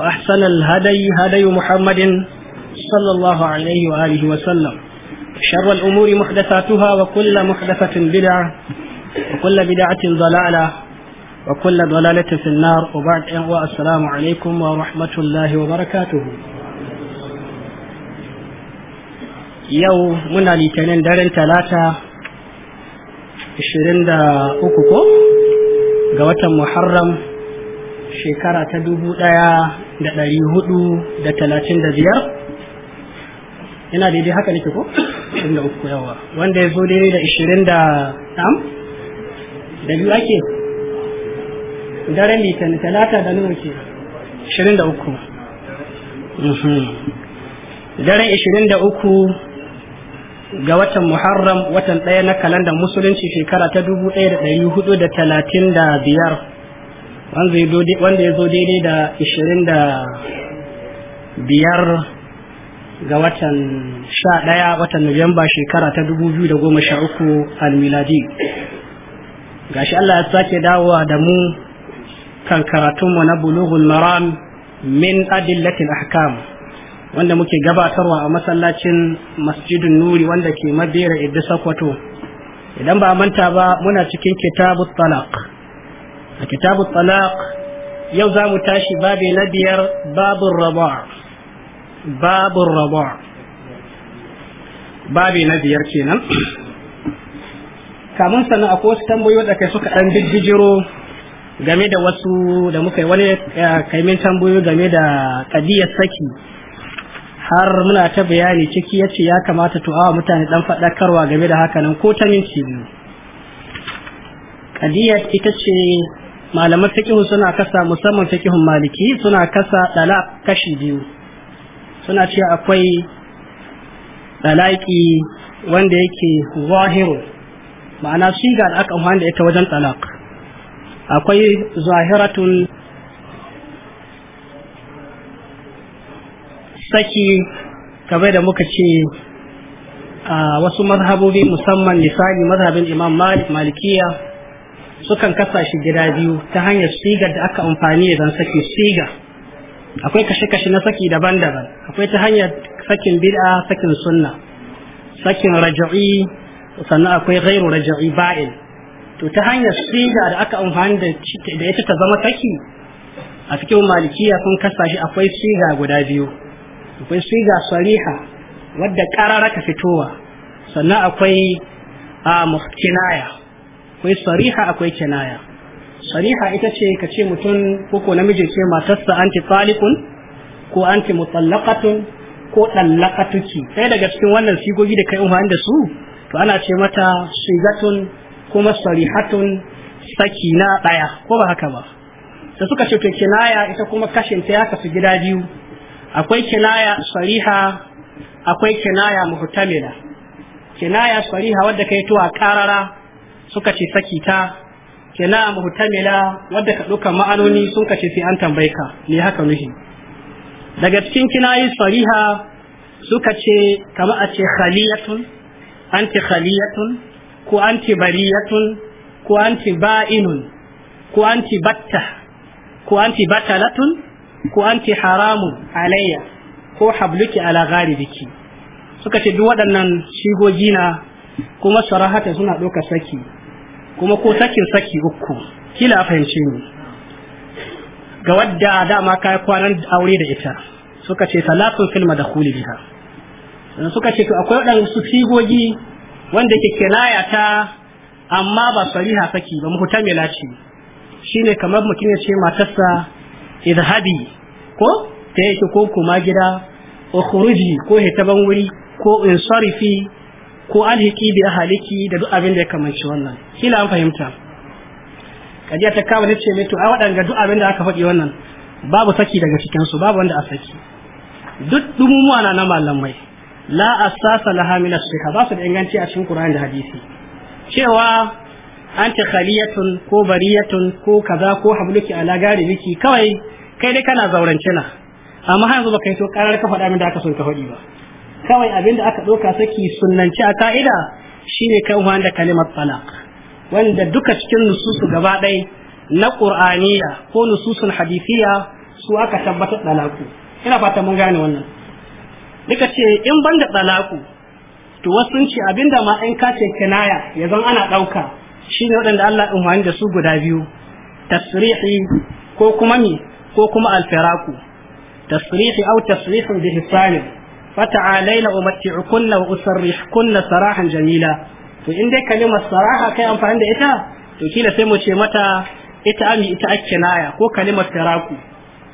وأحسن الهدي هدي محمد صلى الله عليه وآله وسلم شر الأمور محدثاتها وكل محدثة بدعة وكل بدعة ضلالة وكل ضلالة في النار وبعد السلام عليكم ورحمة الله وبركاته yau muna litinin daren talata 23 ko ga watan muharram shekara ta dubu ɗaya. da ɗari hudu da talatin da biyar yana daidai haka nake ko ashirin da uku yawa wanda ya zo daidai da ashirin da tam da biyu ake daren litan talata da nuna ke ashirin da uku mhm. daren ashirin da uku ga watan muharram watan ɗaya na kalandar musulunci shekara ta dubu ɗaya da ɗari hudu da talatin da biyar wanda ya zo daidai da ishirin da biyar ga watan sha ɗaya watan Nuwamba shekara ta dubu biyu da goma sha uku ga gashi Allah ya sake dawowa da mu kan karatunmu na bulughul maram min adillatil ahkam wanda muke gabatarwa a masallacin Masjidin nuri wanda ke madera idda sakwato idan ba manta ba muna cikin kitabu talaq a kitabu talaq yau za mu tashi babi na biyar babin raba babin raba babi na biyar kenan kamun sannan akwai wasu tambayi da kai suka ɗan bijiro game da wasu da muka yi wani eh, kaimin tambayi game da ƙadiyar saki har muna ta bayani ciki ya ce ya kamata to mutane dan faɗakarwa game da hakanan ko ta minti biyu kadiyar ita ce malaman fiqhu suna kasa musamman fiqhun maliki suna kasa dala kashi biyu suna cewa akwai dalaki wanda yake zahiru ma'ana siga da aka wanda da ita wajen talaq akwai zahiratun saki kamar da muka ce a wasu mazhabobi musamman misali mazhabin imam malik malikiya sukan kasa shi gida biyu ta hanyar sigar da aka amfani da don saki siga akwai kashe-kashe na saki daban-daban akwai ta hanyar sakin bid'a sakin sunna sakin raja'i sannan akwai ghairu raja'i ba'il to ta hanyar siga da aka amfani da ita ta zama saki a cikin malikiya sun kasa shi akwai siga guda biyu akwai siga sariha wadda karara ka fitowa sannan akwai a muskinaya. akwai sariha akwai kinaya sariha ita ce ka ce mutum ko ko namiji ce matarsa anti talikun ko anti mutallaqatun ko dallaqatuki sai daga cikin wannan sigogi da kai amfani da su to ana ce mata shigatun kuma sarihatun sakina daya ko ba haka ba da suka ce kinaya ita kuma kashin ta ya kasu gida biyu akwai kinaya sariha akwai kinaya muhtamila kinaya sariha wadda kai tuwa a karara suka ce saki ta kenan muhtamila wadda ka ɗauka ma'anoni sun kace sai an tambaye ka ne haka nuhi daga cikin kinayi fariha suka ce kama a ce khaliyatun anti khaliyatun ko anti bariyatun ko anti ba'inun ko anti batta ko anti batalatun ko anti haramun alayya ko habluki ala gharibiki suka ce duk waɗannan shigogi na kuma sarahata suna ɗaukar saki kuma ko sakin saki uku kila a fahimce ni ga wadda dama kai kwanan aure da ita suka ce salatun filma da biha suka ce to akwai waɗansu sigogi wanda ke kinaya ta amma ba sariha saki ba muhtamila ce shine kamar mutum ya ce matarsa idhabi ko ta yake ko kuma gida ukhruji ko ban wuri ko insarifi ko alhiki bi ahaliki da duk abin da ya kamanci wannan kila an fahimta kajiya ta kama ce mai to ai waɗanga duk abin da aka faɗi wannan babu saki daga cikin su babu wanda a saki duk dumumuwa na na malamai la asasa laha min as ba su da inganci a cikin Qur'ani da hadisi cewa anta khaliyatun ko bariyatun ko kaza ko habluki ala garibiki kawai kai dai kana zaurance na amma har yanzu baka yi to karar ka faɗa min da aka so ka faɗi ba kawai abinda aka ɗauka saki sunanci a ka'ida shine kan wanda kalimar talaq wanda duka cikin nususu gaba ɗai na ƙur'aniya ko nususun hadisiya su aka tabbatar talaku ina fata mun gane wannan nika ce in ban banda talaku to wasu ce abinda ma in ka ce kinaya ya zan ana ɗauka shine waɗanda Allah wani da su guda biyu tasrihi ko kuma mi ko kuma alfiraku tasrihi au tasrihun bi fata'alaina umatti'ukunna wa usarrihkunna sarahan jamila to in dai kalimar saraha kai amfani da ita to kila sai mu ce mata ita ami ita akkinaya ko kalimar faraku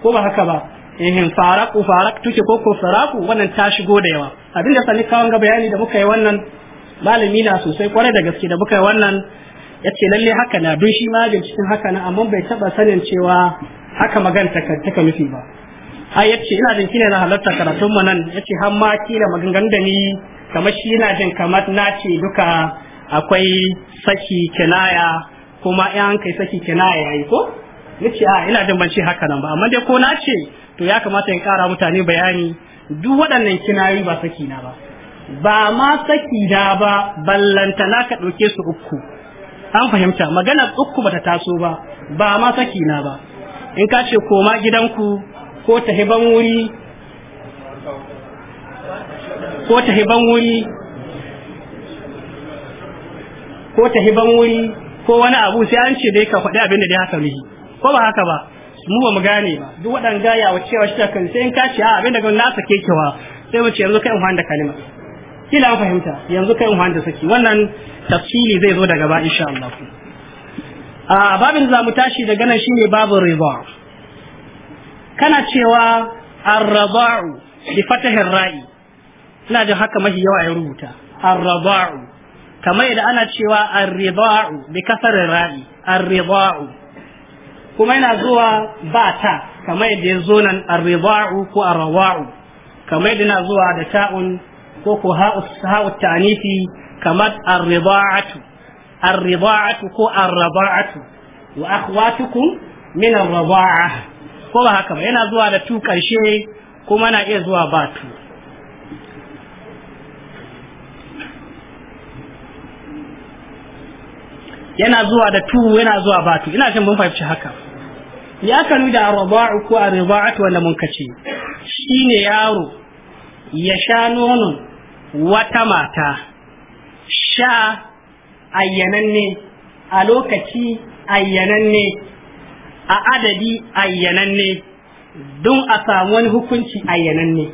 ko ba haka ba ehin faraku tuke ko ko faraku wannan ta shigo da yawa abinda sani kawan ga bayani da muka yi wannan malami na sosai kwarai da gaske da muka yi wannan yace lalle haka na dun shi ma cikin haka na amma bai taba sanin cewa haka maganta kan taka nufi ba har yace ina jin kina na halarta karatun mu nan yace har ma kila maganganun da ni kamar shi ina jin kamar na ce duka akwai saki kinaya kuma yan kai saki kinaya yayi ko nace a ina jin ban ce haka nan ba amma dai ko na ce to ya kamata in kara mutane bayani duk waɗannan kinayi ba saki na ba ba ma saki na ba ballanta na ka ɗauke su uku an fahimta maganar uku bata taso ba ba ma saki na ba in ka ce koma gidanku ko ta hiban wuri ko ta hiban wuri ko ta hiban wuri ko wani abu sai an ce dai ka faɗi abin da dai haka mihi ko ba haka ba mu ba mu gane ba duk waɗanda gaya wa cewa shi kan sai in ka ce a abin da na sake kewa sai mu ce yanzu kai in da kalima kila an fahimta yanzu kai in da saki wannan tafsili zai zo daga ba insha Allah a babin za mu tashi daga nan shine babu riba kana cewa ar-raba'u bi fatahi ra'i ina jin haka mafi yawa ya rubuta ar-raba'u kamar da ana cewa ar bi kasar ra'i ar kuma yana zuwa ba ta kamar da ya zo nan ar ko ar-rawa'u kamar da yana zuwa da ta'un ko ko ha'u ta'anifi kamar ar-rida'atu ko ar wa akhwatukum min ar ko ba haka ba yana zuwa da tu karshe kuma na iya zuwa ba tu yana zuwa da tu yana zuwa ba tu ina jin mun fahimci haka ya kanu da arba'u ko arba'atu wanda mun kace shine yaro ya sha nonon wata mata sha ayyananne a lokaci ayyananne a adadi ayyananne don a samu wani hukunci ayyananne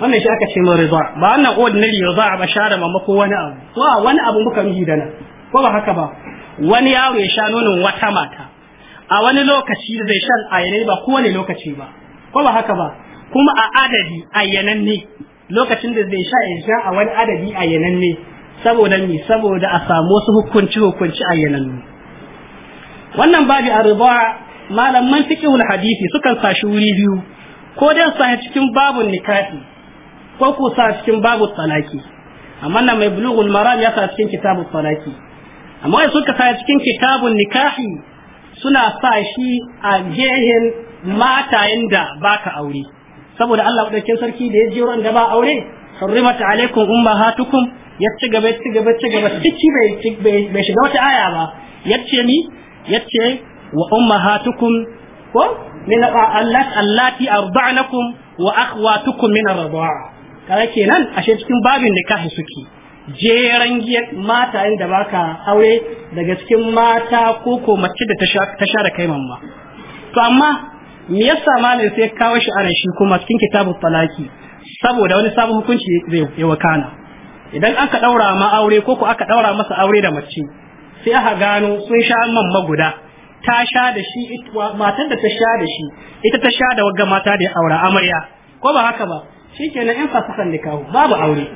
wannan shi aka ce mai riba ba wannan ordinary a ba share ma ko wani abu to wani abu muka yi da nan ko ba haka ba wani yaro ya sha nonon wata mata a wani lokaci zai shan ayyanai ba ko wani lokaci ba ko ba haka ba kuma a adadi ayyananne lokacin da zai sha ya sha a wani adadi ayyananne saboda mi saboda a samu wasu hukunci hukunci ayyananne wannan babi riba malaman fiqhul hadisi sukan sashi wuri biyu ko dai sa cikin babun nikahi ko ku sa cikin babu talaki amma nan mai bulughul maram ya sa cikin kitabul talaki amma in suka sa cikin kitabun nikahi suna sa shi a gehen matayen da baka aure saboda Allah dauke sarki da ya je ran da ba aure harimat alaikum ummahatukum ya ci gaba ci gaba ci gaba ciki bai bai shiga wata aya ba yace ni yace wa ummahatukum ko min allati allati arda'nakum wa akhwatukum min ar-rida'a kaga kenan ashe cikin babin da nikahi suke jeran giyar mata da baka aure daga cikin mata ko ko mace da ta share kai mamma to amma me yasa malin sai kawo shi a shi kuma cikin kitabun talaki saboda wani sabon hukunci zai wakana idan aka daura ma aure ko ko aka daura masa aure da mace sai aka gano sun sha man maguda ta sha da shi matar da ta sha da shi ita ta sha da wagga mata da aura, amarya ko ba haka ba shikenan in fasakan kawo, babu aure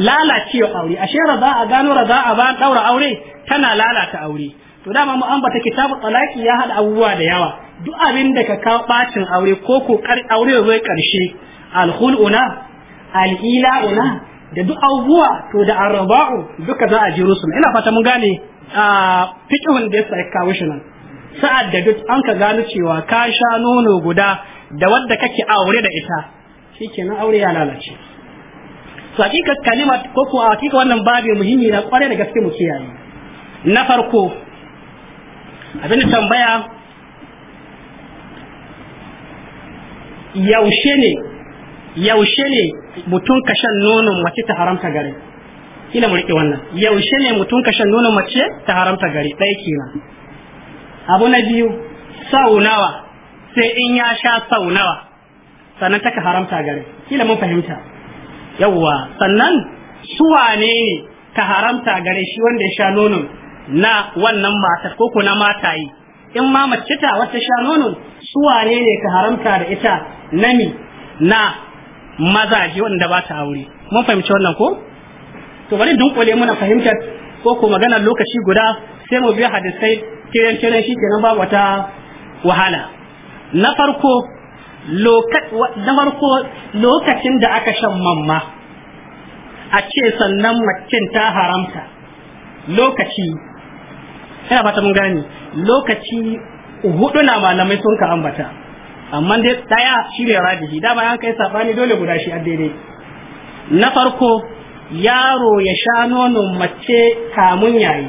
lalacewa aure ashe a gano a ba daura aure tana lalata aure to dama mu ambata kitabu talaki ya hada abubuwa da yawa duk abin da ka kawo bacin aure ko ko aure ya zo karshe alhuluna al'ila'una da duk abubuwa to da arba'u duka za a jiro su ina fata mun gane fiƙihun da ya kawo shi nan sa'ad da duk an ka gano cewa ka sha nono guda da wadda kake aure da ita shi ke nan aure ya lalace to hakika kalima ko ko hakika wannan babu muhimmi na kware da gaske mu kiyaye na farko abin tambaya yaushe ne yaushe ne mutum ka nonon mace ta haramta gare kila mu rike wannan yaushe ne mutum ka shan nonon mace ta haramta gari ɗaya kenan abu na biyu sau nawa sai in ya sha sau nawa sannan ka haramta gari. kila mun fahimta yawwa sannan su wane ne ta haramta gari shi wanda ya sha nonon na wannan matar ko na yi? in ma mace ta wata sha nonon su ne ne ta haramta da ita nami na mazaje wanda ba ta aure mun fahimci wannan ko to bari kole muna fahimtar ko ko magana lokaci guda sai mu biya hadisai kiran kiran shi kenan ba wata wahala na farko na farko lokacin da aka shan mamma a ce sannan macin ta haramta lokaci ina fata mun gani lokaci hudu na malamai sun ka ambata amma dai daya shi ne radihi dama an kai sabani dole guda shi daidai na farko yaro ya sha nonon mace kamun yayi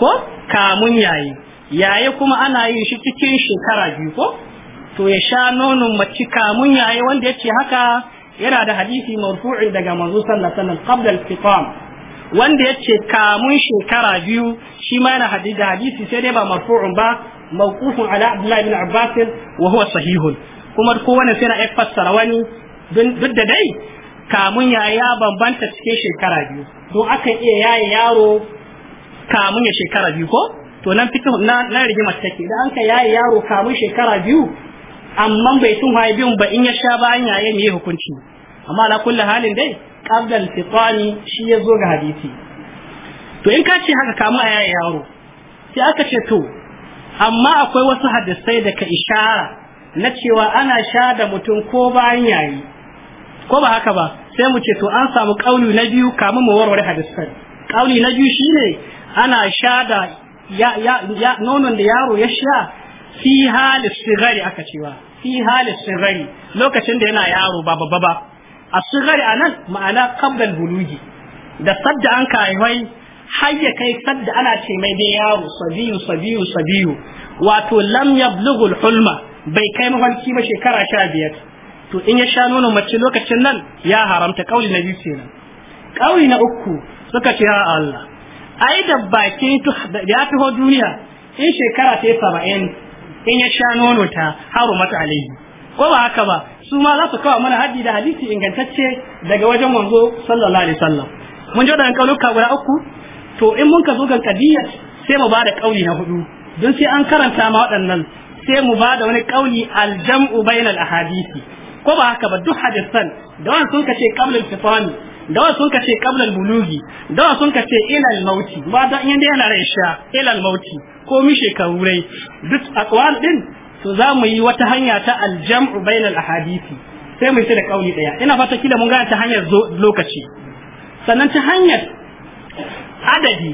ko kamun yayi yaye kuma ana yin shi cikin shekara biyu ko to ya sha nonon mace kamun yayi wanda ce haka yana da hadisi marfu'i daga manzo sallallahu alaihi wasallam qabla al-fitam wanda yace kamun shekara biyu shi ma yana hadisi hadisi sai dai ba marfu'un ba mawqufun ala Abdullah ibn Abbas wa huwa sahihun kuma kowane sai na fassara wani duk da dai kamun ya ya bambanta cikin shekara biyu don aka iya yaye yaro kamun ya shekara biyu ko to nan fito na na rigimar take idan an ka yaye yaro kamun shekara biyu amma bai tun haye biyun ba in ya sha bayan yaye ne hukunci amma ala kullu halin dai qabdal fitani shi ya zo ga hadisi to in ka ce haka kamun a yaye yaro sai aka ce to amma akwai wasu hadisai da ka ishara na cewa ana sha da mutum ko bayan yayi ko ba haka ba sai mu ce to an samu kauli na biyu kamun mu warware hadisan kauli na biyu shine ana sha da ya ya nonon da yaro ya sha fi hali sigari aka cewa fi hali sigari lokacin da yana yaro ba babba ba a sigari anan ma'ana qabdal bulugi da sadda an kai har ya kai sadda ana ce mai yaro sabiyu sabiyu sabiyu wato lam yablughul hulma bai kai mafarki ba shekara sha biyar to in ya sha nono mace lokacin nan ya haramta kauli na biyu kenan kauli na uku suka ce ya Allah ai da bakin ya taho duniya in shekara ta saba'in in ya sha nono ta haru mata alaihi ko ba haka ba su ma za su kawo mana hadi da hadisi ingantacce daga wajen manzo sallallahu alaihi wasallam mun ji wadannan kauluka guda uku to in mun ka zo ga kadiyya sai mu bada kauli na hudu don sai an karanta ma waɗannan sai mu bada wani kauli aljam'u bainal ahadisi ko ba haka ba duk hadisan da wani sun kace qabla al-fitani da wani sun kace qabla al-bulugi da wani sun kace ila al-mauti ba da in dai yana raisha ila al-mauti ko mi shekaru rai duk aqwal din to za mu yi wata hanya ta al-jam'u bayna al-ahadisi sai mu yi da kauli daya ina fata kila mun gane ta hanyar lokaci sannan ta hanyar adadi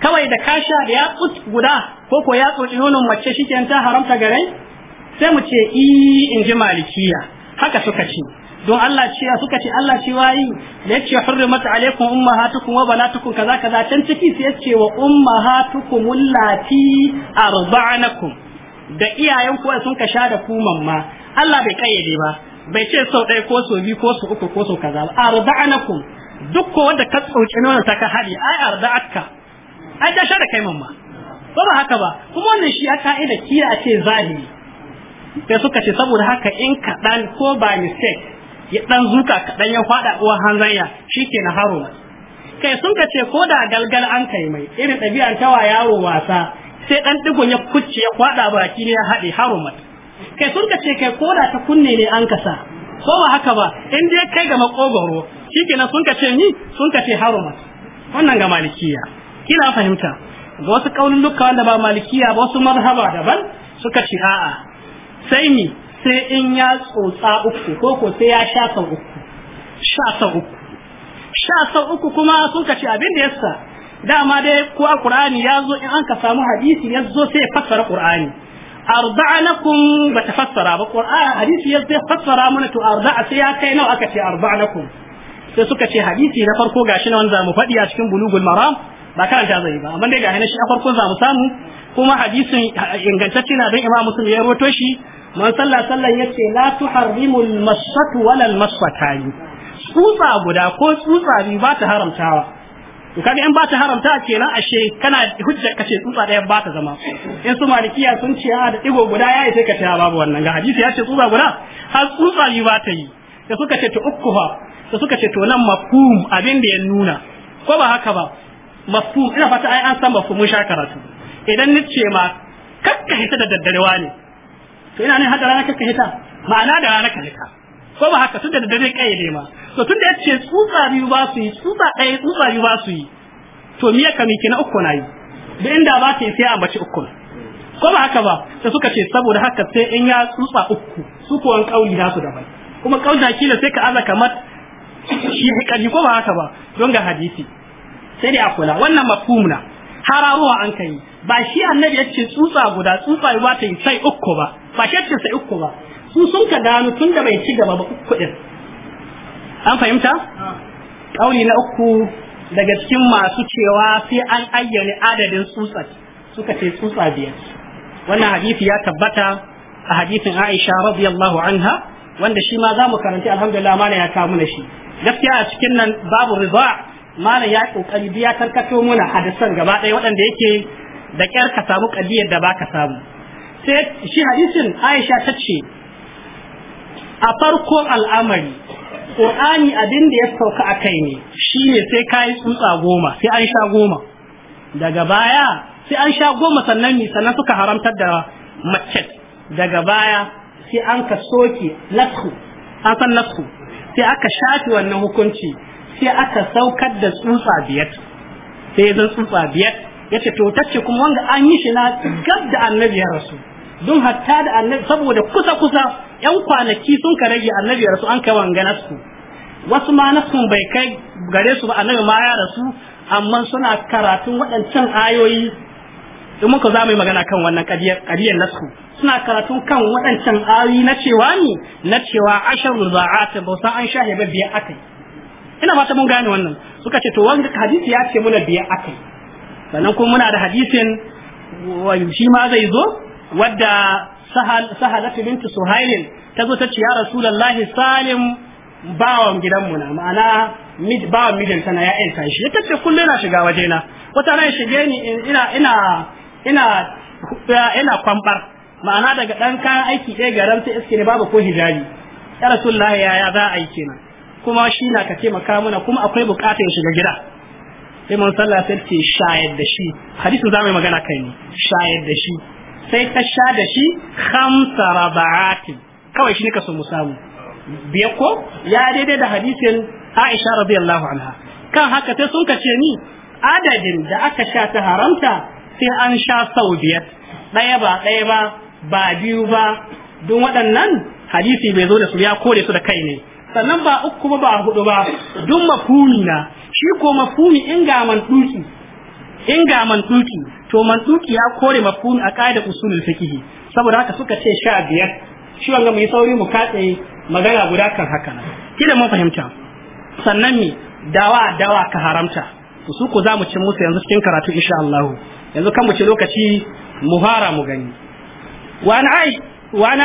kawai da kasha da yatsu guda ko ko yatsu nonon mace shikenan ta haramta gare sai mu ce i in ji malikiya haka suka ce don Allah ce suka ce Allah ce wayi da ce hurrimat alaikum ummahatukum wa banatukum kaza kaza tan ciki sai yace wa ummahatukum allati arba'anakum da iyayen ku sun ka sha da ku mamma Allah bai kayyade ba bai ce sau ɗaya ko sau biyu ko sau uku ko sau kaza ba arba'anakum duk ko wanda ka tsauke nuna ta ka hadi ai arba'atka ai ta sha da kai mamma ba ba haka ba kuma wannan shi aka ida kira a ce zahiri sai suka ce saboda haka in kaɗan ko ba mistake ya ɗan zuka kaɗan ya faɗa uwan hanzanya shi ke na haruna kai sun ka ce ko da galgal an kai mai irin ɗabi'an tawa yaro wasa sai ɗan ɗigon ya kucce ya faɗa baki ne ya haɗe harumat kai sun ka ce kai ko da ta kunne ne an kasa ko ba haka ba in dai kai ga makogoro shi ke sun ka ce ni sun ka ce harumat wannan ga malikiya kina fahimta ga wasu kaunin dukkan wanda ba malikiya ba wasu marhaba daban suka ce a'a sai ni sai in ya tsotsa uku ko ko sai ya sha sau uku sha sau uku sha sau uku kuma sun ka ce abin da yasa dama dai ko a ƙur'ani ya zo in an ka samu hadisi ya zo sai ya fassara qur'ani arda'a lakum ba ta fassara ba ƙur'ani hadisi ya zai fassara mana to arda'a sai ya kai nawa aka ce arda'a lakum sai suka ce hadisi na farko gashi na wanda mu faɗi a cikin bulugul maram ba karanta zai ba amma dai gashi na shi a farko za mu samu kuma hadisin ingantacce na don imam muslim ya rawaito shi man sallah sallan yace la tuharrimu al-masfatu wala al-masfatani tsutsa guda ko tsutsa biyu ba ta haramtawa to kaga in ba ta haramta kenan ashe kana hujja kace tsutsa daya ba ta zama in su malikiya sun ce a da digo guda yayi sai ka ce babu wannan ga hadisi ya ce tsutsa guda har tsutsa biyu ba ta yi da suka ce to ukkuha da suka ce to nan mafhum abin da ya nuna ko ba haka ba mafhum ina fata ai an san mafhumin sha karatu idan ni ce ma kakka hita da daddarewa ne to ina ne hada rana kakka hita ma'ana da rana ka hita ko ba haka tunda daddare kai ne ma to tunda yace tsutsa biyu ba su yi tsutsa ɗaya tsutsa biyu ba su yi to miya ka miki na uku na yi da inda ba ta yi sai a bace uku ko ba haka ba da suka ce saboda haka sai in ya tsutsa uku su kuwan kauli nasu daban kuma kauna kila sai ka aza kamar shi hikari ko ba haka ba don ga hadisi sai dai a kula wannan mafhum na hararuwa an kai ba shi annabi yace tsutsa guda tsutsa ba ta yi sai uku ba ba shi yace sai uku ba su sun ka gano tun da bai ci gaba ba uku din an fahimta kauli na uku daga cikin masu cewa sai an ayyana adadin tsutsa suka ce tsutsa biyar wannan hadisi ya tabbata a hadisin Aisha radiyallahu anha wanda shi ma zamu karanta alhamdulillah mana ya kawo mana shi gaskiya a cikin nan babu riba malam ya kokari biya karkato muna hadisan gaba ɗaya waɗanda yake da kyar ka samu kadiyar da baka samu sai shi hadisin Aisha ta ce a farko al'amari ƙur'ani abin da ya sauka a kai ne shine sai kayi tsutsa goma sai an sha goma daga baya sai an sha goma sannan ni sannan suka haramtar da mace daga baya sai an ka soke lasku an san lasku sai aka shafi wannan hukunci sai aka saukar da tsuntsa biyar sai zan tsuntsa biyar yace to tace kuma wanda an yi shi na gab da annabi ya rasu don hatta da annabi saboda kusa kusa yan kwanaki sun ka rage annabi ya rasu an kai wanga su wasu ma na sun bai kai gare su ba annabi ma ya rasu amma suna karatun waɗancan ayoyi in muka za mu yi magana kan wannan ƙadiyar nasu suna karatun kan waɗancan ayoyi na cewa ne na cewa ashirin za'a ta bausa an sha ba biyar akai ina fata mun gane wannan suka ce to wanda hadisi ya ce muna biya akai sannan kuma muna da hadisin shi ma zai zo wadda sahalatu bintu suhailin ta zo ta ce ya rasulullahi salim bawan gidanmu na ma'ana mid bawan mijin sana ya yanka shi ya tace kullu na shiga waje na. wata ran shige ni ina ina ina ina kwambar ma'ana daga dan kayan aiki ɗaya garan ta iske ne babu ko hijabi ya rasulullahi ya ya za a yi kenan kuma shi na ka taimaka mana kuma akwai bukatar shiga gida sai mun sallah sai ce shayar da shi hadisin zamu magana kai ne shayar da shi sai ka sha da shi khamsa rabaatin kawai shi ne ka so mu samu biya ko ya daidai da hadisin Aisha radiyallahu anha kan haka sai sun kace ni adadin da aka sha ta haramta sai an sha sau biyar ɗaya ba ɗaya ba ba biyu ba don waɗannan hadisi bai zo da su ya kore su da kai ne sannan ba uku kuma ba hudu ba duk mafuni na shi ko mafuni in ga mantuki in ga mantuki to mantuki ya kore mafuni a kaida usulul fiqh saboda haka suka ce sha biyar shi wanga mai sauri mu katse magana guda kan haka nan kida mun fahimta sannan mi dawa dawa ka haramta to su ko zamu ci musu yanzu cikin karatu insha Allah yanzu kan mu ci lokaci mu mu gani wa aisha wa an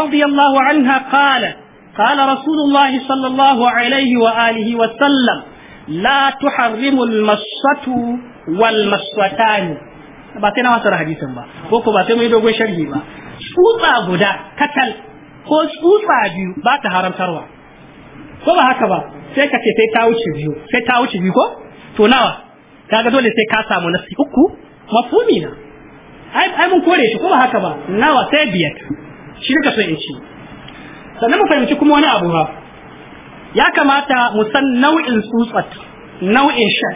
radiyallahu anha qalat قال رسول الله صلى الله عليه وآله وسلم لا تحرم المصة والمصتان ba sai na masar hadisin ba ko ko ba sai mai dogon sharhi ba tsutsa guda katal ko tsutsa biyu ba ta haramtarwa ko ba haka ba sai ka ce sai ta wuce biyu sai ta wuce biyu ko to nawa kaga dole sai ka samu nasi uku mafumi na ai ai mun kore shi ko ba haka ba nawa sai biyar shi ka so in ci sannan mu fahimci kuma wani abu ba ya kamata mu san nau'in tsutsat nau'in sha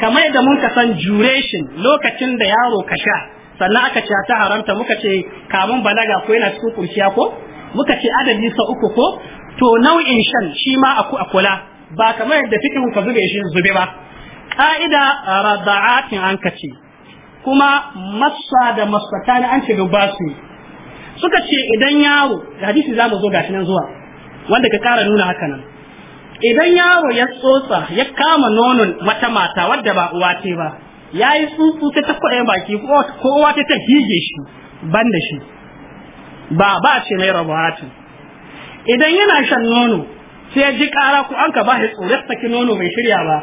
kamar da mun ka san duration lokacin da yaro ka sha sannan aka ce ta haramta muka ce kamun balaga ko yana cikin kurciya ko muka ce adadi sa uku ko to nau'in shan shi ma aku akula ba kamar yadda fikin ka zube shi zube ba ka'ida rada'atin an ce, kuma masa da masata an ce ba suka ce idan yaro da hadisi za mu zo gashi nan zuwa wanda ka kara nuna haka nan idan yaro ya tsotsa ya kama nonon mata mata wadda ba uwa ce ba yayi tsutsu sai ta kwaɗe baki ko uwa ta ta hige shi ban da shi ba ba ce mai rabuhatin idan yana shan nono sai ji kara ko an ka ba shi saki nono mai shirya ba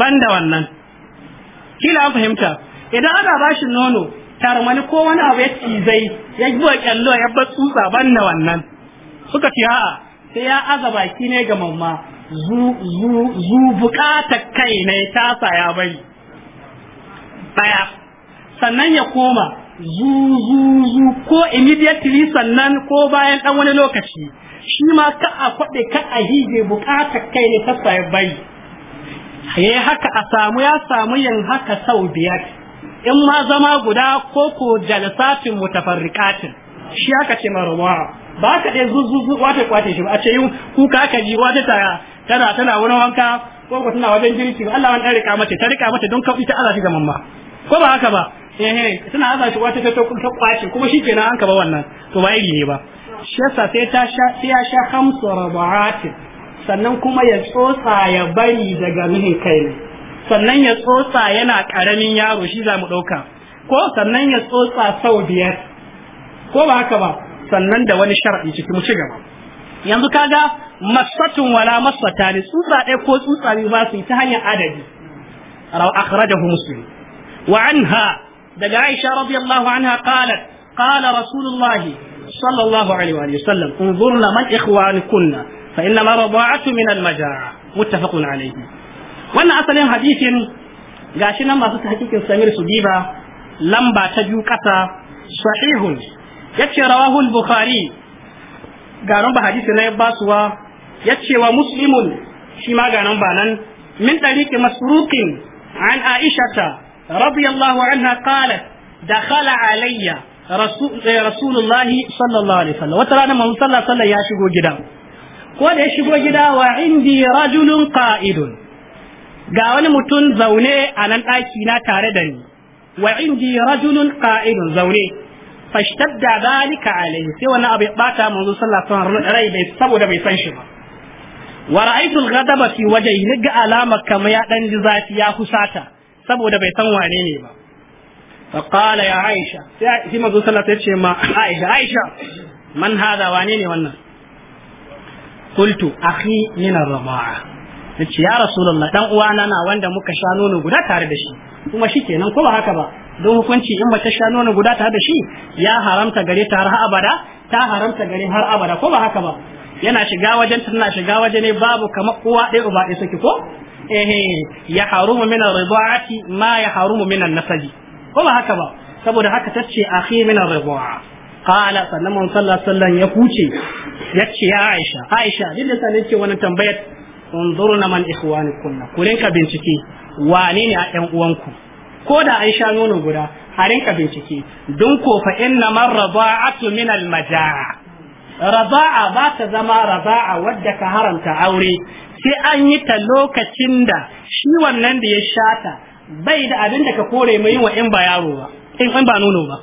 ban da wannan kila an fahimta idan ana ba shi nono Tarmani mani ko wani abu ya cizai ya yi wa kyallo ya bar tsutsa ban na wannan suka ce a'a sai ya aza baki ne ga mamma zu zu zu bukata kai ne sa ya bari daya sannan ya koma zu zu zu ko immediately sannan ko bayan dan wani lokaci shi ma ka a kwade ka a hige bukata kai ne sa ya bari haka a samu ya samu yin haka sau biyar in ma zama guda ko ko jalsatin mutafarriqatin shi aka ce marwa ba ka dai zuzuzu kwace kwace shi ba a ce yi kuka aka ji wata tara tana tana wurin wanka ko ko tana wajen girki Allah wani rika mace ta rika mace don ka ta Allah ga mamma ko ba haka ba eh eh tana haza shi wata ta kwace kuma shi kenan an ka ba wannan to ba iri ne ba shi yasa sai ta sha sai ya sha khamsu rabaat sannan kuma ya tsotsa ya bari daga mihin kai ne sannan ya tsotsa yana karamin yaro shi za mu ɗauka ko sannan ya tsotsa sau biyar ko ba haka ba sannan da wani sharaɗi ciki mu ci gaba yanzu kaga masatun wala masata ne tsutsa ɗaya ko tsutsa biyu ba su ta hanyar adadi raw akhrajahu muslim wa anha daga aisha radiyallahu anha qalat qala rasulullahi sallallahu alaihi wa sallam unzurna man ikhwanukunna fa inna ma rada'atu min al-majaa muttafaqun alayhi wannan asalin hadisin gashi nan masu hakikin samir su diba lamba ta biyu kasa sahihun yace rawahu al-bukhari garan ba hadisi na basuwa yace wa muslimun shi ma garan ba nan min tariqi masruqin an aisha radiyallahu anha qalat dakhala alayya eh, rasulullah sallallahu alaihi wasallam wata rana manzon sallallahu alaihi wasallam ya shigo gida ko da ya shigo gida wa indi rajulun qa'idun ga wani mutum zaune a nan ɗaki na tare da ni wa indi rajulun qa'idun zaune fashtadda zalika alayhi sai wani abu ya bata manzo sallallahu alaihi wasallam rai bai saboda bai san shi ba wa ra'aytu al-ghadaba fi wajhihi ga alama kamar ya dan ji zafi ya husata saboda bai san wane ne ba fa qala ya aisha sai shi manzo sallallahu alaihi wasallam ya ce ma aisha aisha man hada wane ne wannan qultu akhi min ar-rama'a ce ya rasulullah dan uwana na wanda muka sha nono guda tare da shi kuma shi kenan ko ba haka ba don hukunci in ba ta sha nono guda tare da shi ya haramta gare ta har abada ta haramta gare har abada ko ba haka ba yana shiga wajen tana shiga waje ne babu kamar uwa ɗaya uba ɗaya saki ko ehe ya harumu minan ribu'ati ma ya harumu minan nasabi ko ba haka ba saboda haka tace akhi minan ribu'a qala sallallahu alaihi wasallam ya huce yace ya Aisha Aisha din da sanin ce wannan tambayar na man kunna. ku rinka bincike wane ne a ƴan uwanku ko da an sha nono guda a rinka bincike don ko fa inna man rada'atu min al majaa raza'a ba ta zama raza'a wadda ka haramta aure sai an yi ta lokacin da shi wannan da ya shata bai da abin da ka kore mai wa in ba yaro ba in ba nono ba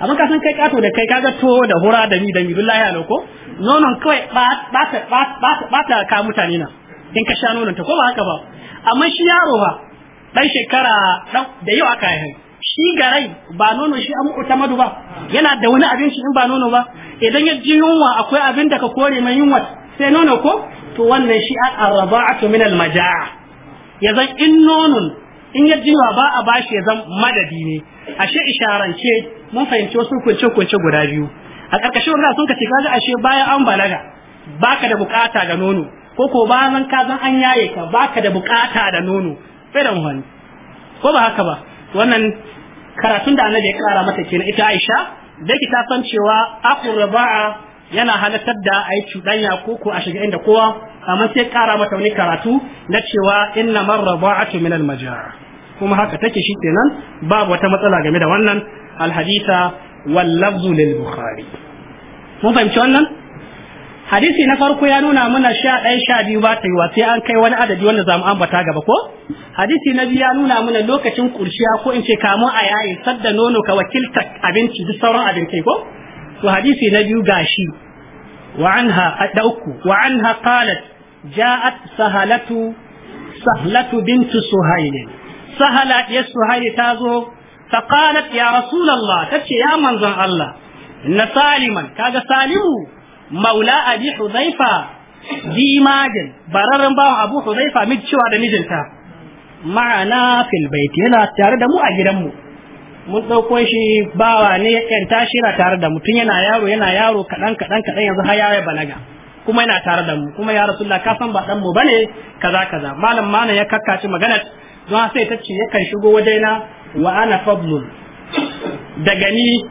amma ka san kai kato da kai kaga to da hura da ni da mi billahi alako nonon kawai ba ta ka mutane na in ka sha nonon ta ko ba haka ba amma shi yaro ba dan shekara da yau aka yi shi garai ba nono shi an madu ba yana da wani abinci in ba nono ba idan ya ji yunwa akwai abin da ka kore mai yunwa sai nono ko to wannan shi an arba'atu min al majaa ya zan in nonon in ya ji ba a bashi ya zan madadi ne ashe isharance mun fahimci wasu kunce kunce guda biyu a ƙarƙashin wannan sun ce kaga ashe bayan an balaga baka da bukata ga nono ko ko bayan ka zan an yaye ka baka da bukata da nono sai da wani ko ba haka ba wannan karatun da annabi ya kara mata kenan ita Aisha da ki ta san cewa akhur raba'a yana halartar da a yi cuɗanya ko ko a shiga inda kowa amma sai ƙara mata wani karatu na cewa inna marraba'atu min al-majaa kuma haka take shi kenan babu wata matsala game da wannan al alhadisa واللفظ للبخاري mun fahimci wannan hadisi na farko ya nuna mana sha ɗaya sha biyu ba ta yiwa sai an kai wani adadi wanda za mu ambata gaba ko hadisi na biyu ya nuna mana lokacin kurciya ko in ce kamo a yayi sadda nono ka wakiltar abinci duk sauran abinci ko to hadisi na biyu gashi wa anha da uku sahalatu bintu suhayl sahala ya suhayl ta zo فقالت يا رسول الله تتي يا منزل الله إن سالما كاغا سالم مولى أبي حذيفة دي ماجن بررن باو أبو حذيفة مجشوا دا مجنتا معنا في البيت هنا تارد مو أجرمو mun ɗauko shi bawa ne yan tashi yana tare da mutum yana yaro yana yaro kaɗan kaɗan kaɗan yanzu har yaya balaga kuma yana tare da mu kuma ya rasulullah ka san ba ɗanmu ba ne kaza kaza malam malam ya kakkaci magana don sai ta ce yakan shigo wajena wa ana fadlun daga ni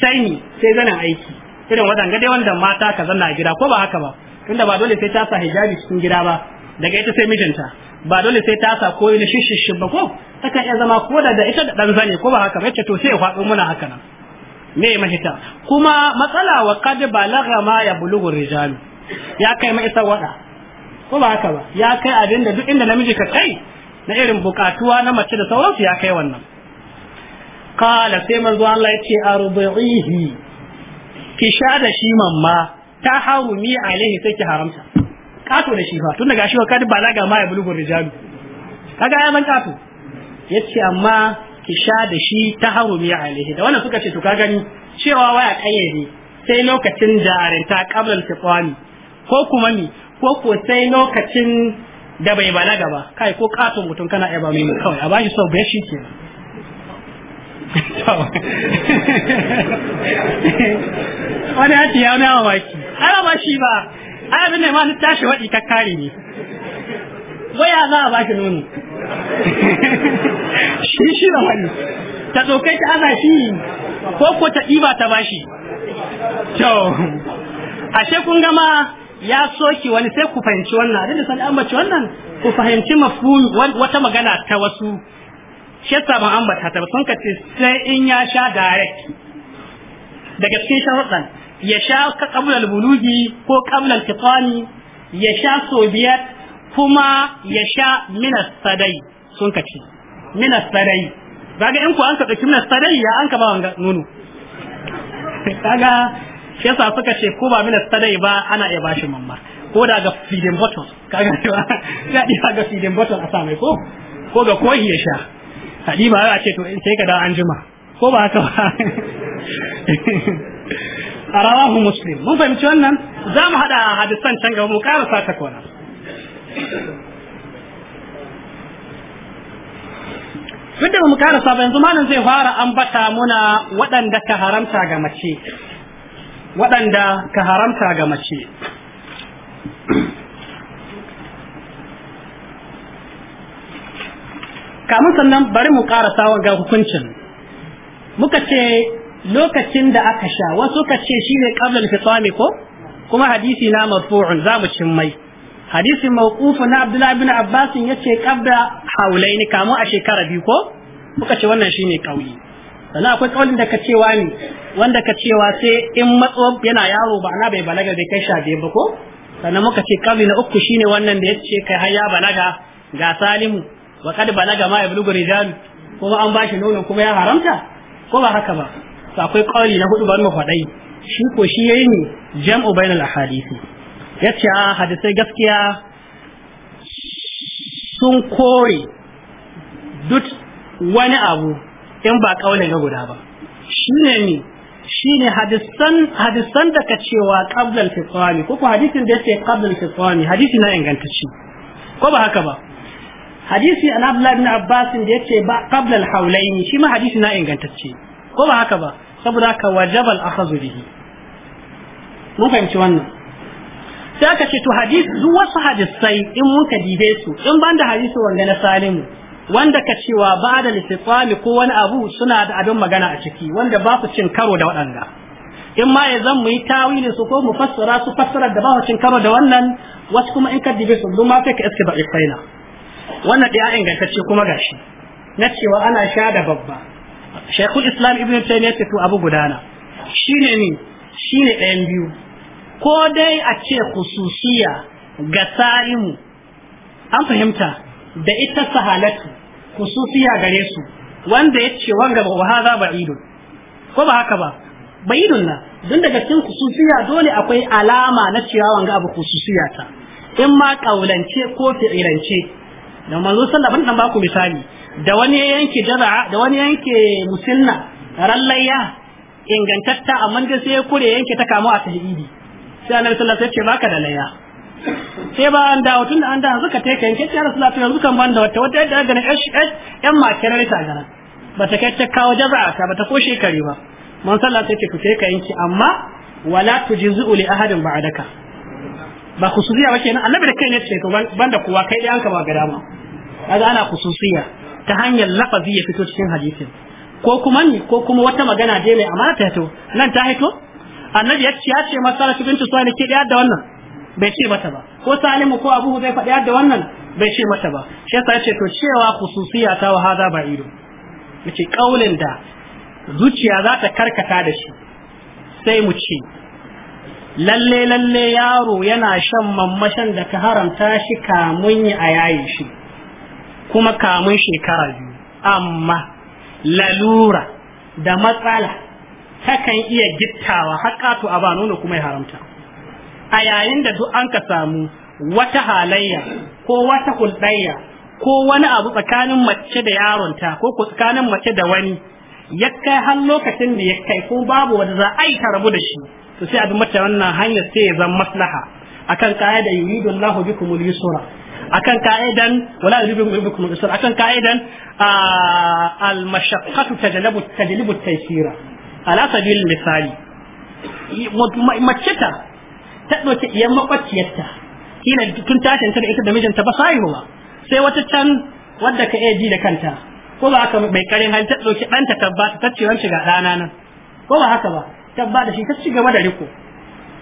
sai ni sai zana aiki irin wadanga dai wanda mata ka zanna a gida ko ba haka ba tunda ba dole sai ta sa hijabi cikin gida ba daga ita sai mijinta ba dole sai ta sa koyi ina shishishin ba ko takan iya zama ko da ita da dan zane ko ba haka ba to sai ya faɗo muna haka nan me mahita kuma matsala wa kad balagha ma ya bulughu rijal ya kai mai isa wada ko ba haka ba ya kai abinda duk inda namiji ka kai na irin bukatuwa na mace da sauransu ya kai wannan qala sai manzo Allah yace arbihi ki sha da shi mamma ta harumi alaihi sai ki haramta kato da shi fa tunda gashi shi wa kadi balaga ma ya bulugur rijalu kaga ya man kato yace amma ki sha da shi ta harumi alaihi da wannan suka ce to ka gani cewa waya kayyade sai lokacin jarinta ta tiqani ko kuma ni ko ko sai lokacin da bai balaga ba kai ko kato mutum kana yaba mai kawai a bashi sau bai shi kenan wani hati ya wani mamaki ana ba shi ba ai abin da ma ni tashi waɗi ka kare ne waya za a ba shi nono shi shi da wani ta tsokai ta aza shi ko ko ta ɗiba ta ba shi kyau ashe kun gama ya soki wani sai ku fahimci wannan abin da sani bace wannan ku fahimci mafhum wata magana ta wasu shi yasa an bata ta sun kace sai in ya sha direct daga cikin sharuɗan ya sha ka qabla bulugi ko qabla al ya sha sobiyat kuma ya sha minas sadai sun kace minas sadai daga in ku an ka dauki minas sadai ya an ka ba wanga nono daga shi yasa suka ce ko ba minas sadai ba ana iya bashi mamma ko da ga feeding bottle kaga iya ga feeding bottle a sa mai ko ko ga kohi ya sha Hadiba ba a ce to sai ka da an jima ko ba haka ba a rawahu muslim mun fahimci wannan za mu haɗa hadisan can gaba mu karasa ta kona duk da mu karasa ba yanzu malam zai fara ambata muna waɗanda ka haramta ga mace waɗanda ka haramta ga mace kamun sannan bari mu karasa ga hukuncin muka ce lokacin da aka sha wasu ka ce shi ne ƙablar fitsami ko kuma hadisi na marfu'un za mu cin mai hadisin mawqufu na abdullahi bin abbas ya ce ƙabda haulaini kamun a shekara biyu ko muka ce wannan shine kauli sannan akwai kaulin da ka cewa ne wanda ka cewa sai in matso yana yaro ba na bai balaga bai kai sha biyu ba ko sannan muka ce kauli na uku shine wannan da ya ce kai har ya balaga ga salimu wa kad balaga ma ibnu Ko kuma an bashi nono kuma ya haramta ko ba haka ba to akwai qauli na hudu ban mu fadai shi ko shi yayi ne jam'u bainal ahadisi yace a hadisai gaskiya sun kore duk wani abu in ba kaula na guda ba shine ne shine hadisan hadisan da cewa qabla al-fiqani ko hadisin da yake qabla al hadisi na ingantacce ko ba haka ba hadisi an Abdullah ibn Abbas da yace ba qabla al-hawlayn shi ma hadisi na ingantacce ko ba haka ba saboda haka wajaba al-akhadhu bihi mun fahimci wannan sai aka ce to hadisi duk wasu hadisai in muka dibe su in banda hadisi wanda na Salimu wanda ka cewa ba da litifami ko wani abu suna da abin magana a ciki wanda ba su cin karo da waɗanda in ma ya zan mu yi tawilin su ko mu fassara su fassara da ba su cin karo da wannan wasu kuma in ka dibe su duk ma sai ka iske da ifaina wannan ɗaya ingantacce kuma gashi na cewa ana sha da babba shekul islam ibn ce ta abu gudana shine ni shine ɗayan biyu ko dai a ce khususiya ga sa'imu an fahimta da ita sahalatu khususiya gare su wanda ya ce wanga ba wahaza ba idon, ko ba haka ba ba idon na don daga cikin khususiya dole akwai alama na cewa wanga abu khususiya ta in ma kaulance ko fi'ilance da manzo sallallahu alaihi ba ku misali da wani yanke jara'a da wani yanke musulna rallayya ingantatta amma da sai ya kure yanke ta kamu a tahidi sai annabi sallallahu alaihi wasallam ya ce baka da laya. sai ba an dawo da an da suka take yanke ya rasulullahi sallallahu alaihi wasallam ban da wata wata yadda ganin ash yan makirar ta gara bata kai ta kawo jara'a ta bata ko shekare ba man sallallahu alaihi wasallam ya ce ku taika yanke amma wala tujzu li ahadin ba'daka ba khususiya ba kenan annabi da kai ne ce to banda kowa kai dai an ka ba ga dama kaga ana khususiya ta hanyar lafazi ya fito cikin hadisin ko kuma ni ko kuma wata magana dai mai amana ta hito nan ta hito annabi ya ce ya ce masala cikin su ne ke da wannan bai ce mata ba ko salimu ko abu zai faɗi da wannan bai ce mata ba shi yasa ya ce to cewa khususiya ta wa hada ba ido yace kaulin da zuciya za ta karkata da shi sai mu ce lalle lalle yaro yana shan mammashan da ka haramta shi kamun yi a yaye shi kuma kamun shekara biyu amma lalura da matsala takan iya gittawa haƙatu a ba nuna kuma ya haramta a yayin da duk an ka samu wata halayya ko wata hulɗayya ko wani abu tsakanin mace da yaronta ko tsakanin mace da wani Yakkai har lokacin da ya kai ko babu wanda za a yi ta rabu da shi to sai abin mata wannan hanyar sai ya zama maslaha akan ka'idan yuridu Allahu bikum al-yusra akan ka'idan wala yuridu bikum al-yusra akan ka'idan al-mashaqqatu tajlibu tajlibu at-taysira ala sabil misali mace ta ta doke iyan makwaciyarta kila tun tashin ta da ita da mijinta ba sai ruwa sai wata can wadda ka iya ji da kanta ko ba haka mai karin hali ta ɗauki ɗanta tabbata ta ce wancan ga ɗana nan ko ba haka ba tabbata shi ta ci gaba da riko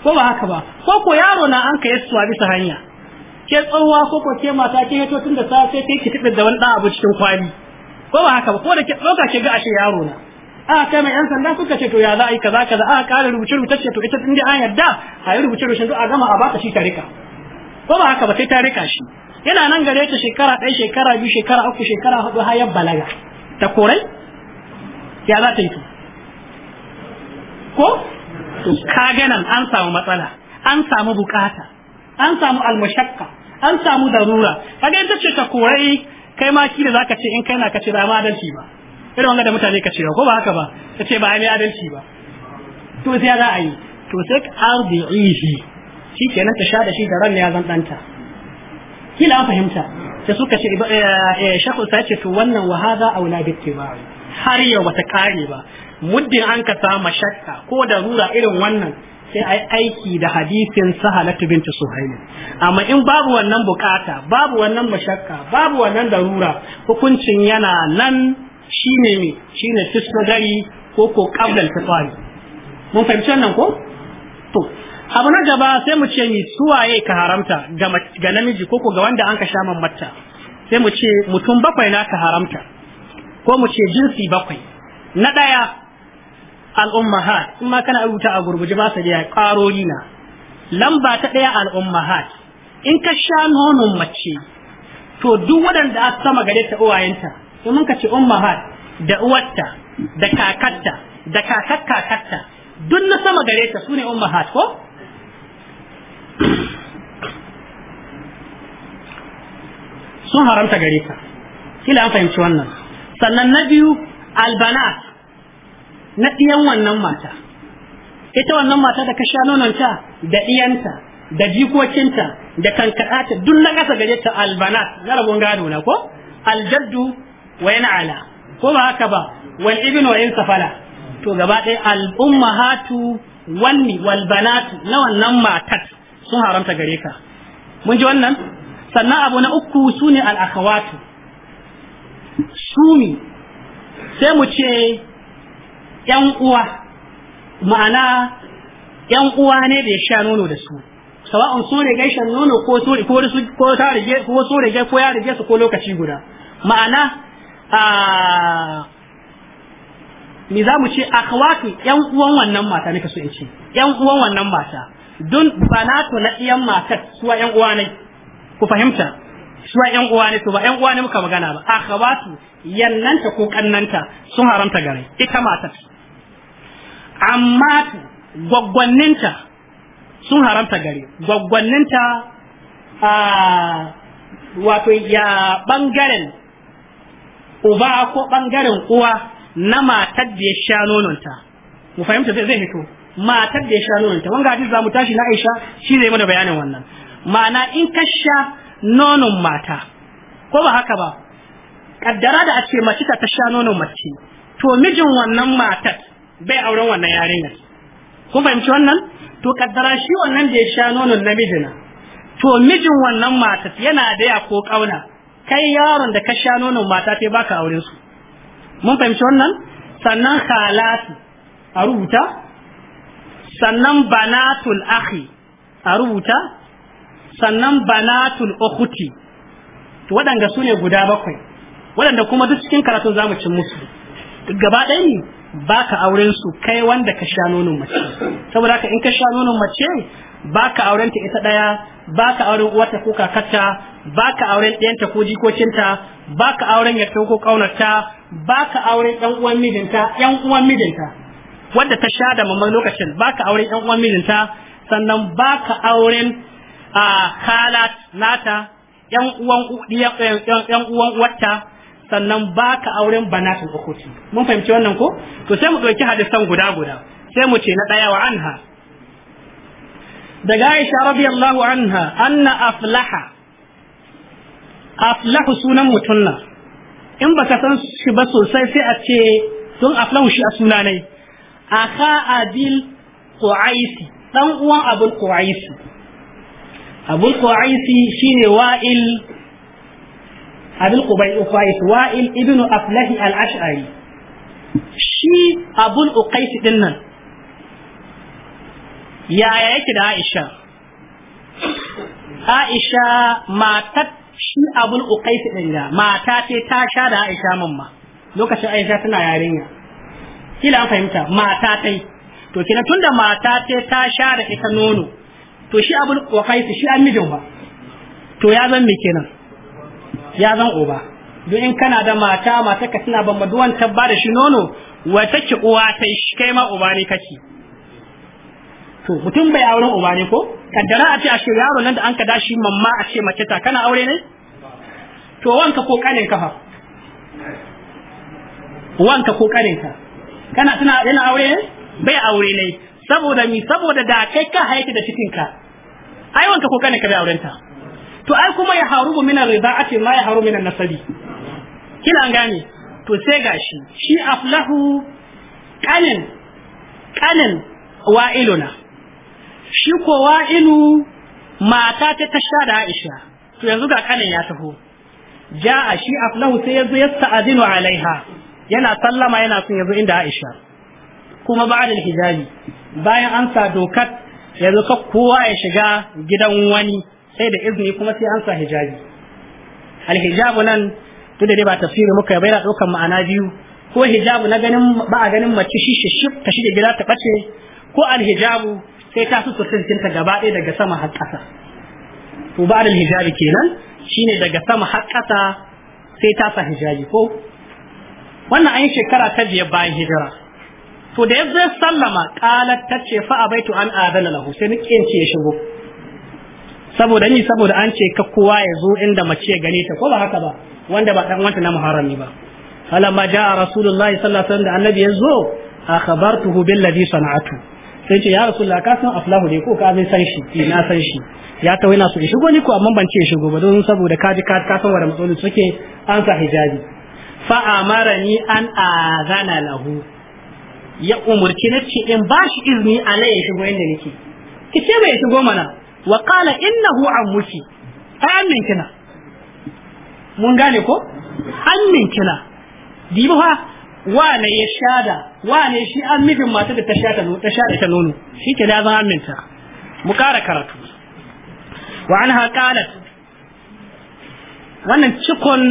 ko ba haka ba ko ko yaro na an ka yasuwa bisa hanya ke tsohuwa ko ko ke mata ke hito tun da safe ke ki tibi da wani ɗan abu cikin kwali ko ba haka ba ko da ke ɗauka ke ga ashe yaro na aka kai mai yan sanda suka ce to ya za a yi kaza kaza aka kare rubuce rubuce to ita tun da an yarda a yi rubuce rubuce a gama a ba baka shi ta rika ko ba haka ba sai ta rika shi yana nan gare ta shekara ɗaya shekara biyu shekara uku shekara hudu har ya balaga ta korai ya za ta yi ko Ka kaga an samu matsala an samu bukata an samu almashakka an samu darura kaga ta ce ta korai kai ma kila zaka ce in kai na kace ba ma adalci ba irin wanda da mutane ka kace ko ba haka ba ce ba ai adalci ba to sai za a yi to sai arbi'ihi kenan ta sha da shi da ran ya zan danta kila an fahimta sai suka ce eh, eh, shaku ta ce to wannan wa hada aw la har yau bata kare ba muddin an ka samu shakka ko da rura irin wannan sai ai aiki da hadisin sahalatu Binta suhayl amma in babu wannan bukata babu wannan mashakka babu wannan darura hukuncin yana nan shine ne shine fisfagari ko ko qabla al mun fahimci nan ko to abu na gaba sai mu ce ni suwaye ka haramta ga namiji ko ga wanda an ka sha mamatta sai mu ce mutum bakwai na ka haramta ko mu ce jinsi bakwai na ɗaya al'ummahat in ma kana rubuta a gurguje ba su biya ƙarori na lamba ta ɗaya al'ummahat in ka sha nonon mace to duk waɗanda a sama gare ta uwayenta in mun ka ce ummahat da uwarta da kakarta da kakar duk na sama gare ta su ummahat ko sun haramta gare ka kila an fahimci wannan sannan na biyu albanat na ɗiyan wannan mata ita wannan mata da ka sha nononta da ɗiyanta da jikokinta da kankaɗata duk na ƙasa gare ta albanat na rabon gado na ko aljaddu wa yana ala ko ba haka ba wal ibn wa safala to gaba ɗaya al'ummahatu wanni wal banatu na wannan matar sun haramta gare ka mun ji wannan sannan abu na uku su ne al'akawatu sumi sai mu ce ‘yan uwa ma'ana ‘yan uwa ne da ya sha nono da su sawa'un sun rige shan nono ko sun rige ko ya rige su ko lokaci guda ma'ana a mi za mu ce akawatu ‘yan uwan wannan mata ne ka so in ce ‘yan uwan wannan mata don ba na ɗiyan matar suwa ‘yan uwa ne ku fahimta su ba yan uwa ne su ba yan uwa ne muka magana ba akhawatu yannanta ko kannanta sun haramta gare ita matar amma gwaggwanninta sun haramta gare gwaggwanninta a wato ya bangaren uba ko bangaren uwa na matar da ya sha nononta mu fahimta zai hito, matar da ya sha nononta wanga hadisi za mu tashi na Aisha shi zai mana bayanin wannan ma'ana in ka sha nonon mata ko ba haka ba kaddara da a ce mace ta ta sha nonon mace to mijin wannan matar bai auren wannan yarinyar kun fahimci wannan to kaddara shi wannan da ya sha nonon na, to mijin wannan matar yana da ya ko kauna kai yaron da ka sha nonon mata sai baka auren su mun fahimci wannan sannan khalatu a rubuta sannan banatul akhi a rubuta sannan banatul ukhti to waɗanda su ne guda bakwai waɗanda kuma duk cikin karatun zamu cin musu gaba ɗaya ne baka auren su kai wanda ka sha nonon mace saboda haka in ka sha nonon mace baka auren ta ita ɗaya baka auren uwarta ko kakarta baka auren ɗiyanta ko jikokinta baka auren yarta ko kaunarta baka auren ɗan uwan mijinta ɗan uwan mijinta wanda ta sha da mamman lokacin baka auren ɗan uwan mijinta sannan baka auren a kala nata yan uwan eh, yan uwan uwarta sannan baka auren banatul ukuti mun fahimci wannan ko to sai mu dauki hadisan guda guda sai mu ce na daya wa anha daga Aisha radiyallahu anha anna aflaha aflahu sunan mutunna in baka san shi ba sosai sai a ce don aflahu shi a sunanai aka abil qu'aisi dan uwan abul qu'aisi abul qaisi shine wa'il abul qubay qais wa'il ibnu aflahi al-ash'ari shi abul qais din nan yaya yake da aisha aisha matar shi abul qais din da mata ce ta sha da aisha mamma lokacin aisha tana yarinya kila an fahimta mata tai to kina tunda mata ce ta sha da ita nono to shi abul qafaisi shi an mijin ba to ya zan me kenan ya zan uba don in kana da mata mata ka tana ban maduwan tabba da shi nono wata ki uwa ta shi kai ma uba ne kake to mutum bai auren uba ne ko kaddara a ce a ce yaro nan da an ka dashi mamma a ce mace ta kana aure ne to wanka ko kanin ka fa wanka ko kanin ka kana tana yana aure ne bai aure ne saboda mi saboda da kai ka haiti da cikin ka ai wanka ko kana ka aurenta to ai kuma ya harubu min ridaati ma ya haru min an-nasabi kila an gane to sai gashi shi aflahu kanin kanin wa'iluna shi ko wa'ilu mata ta tasha da Aisha to yanzu ga kanin ya taho ja'a shi aflahu sai yazo yasta'dinu alaiha yana sallama yana son yazo inda Aisha kuma ba da hijabi bayan an sa dokar yanzu ka kowa ya shiga gidan wani sai da izini kuma sai an sa hijabi alhijabu nan tunda dai ba tafsiri muka bai da ɗaukar ma'ana biyu ko hijabu na ganin ba a ganin mace shi shi ta shige gida ta bace ko alhijabu sai ta su cikin ta gaba ɗaya daga sama har ƙasa to ba hijabi kenan shine daga sama har ƙasa sai ta sa hijabi ko wannan an yi shekara ta biyar bayan hijira to da yanzu ya sallama qalat tace fa abaitu an adana lahu sai ni kin ce shigo saboda ni saboda an ce ka kowa ya zo inda mace ya gane ta ko ba haka ba wanda ba dan wanta na muharrami ba ma jaa rasulullahi sallallahu alaihi wasallam da annabi ya zo akhbartuhu billadhi sana'atu sai ce ya rasulullah ka san aflahu ne ko ka zai san shi eh, na san shi ya tawo yana so ya shigo ni ko amma ban ce shigo ba don saboda kaji ka ka san wanda matsaloli suke an sa hijabi fa ni an azana lahu ya umurci na ce in ba shi izini a nan ya shigo inda nake ki ce bai shigo mana wa qala innahu ammuki ai kina mun gane ko ammin kina diba wa wane ya shada wane shi an mijin mata da ta shata ta ta nono shi ke da zan aminta mu kara karatu wa anha qalat wannan cikon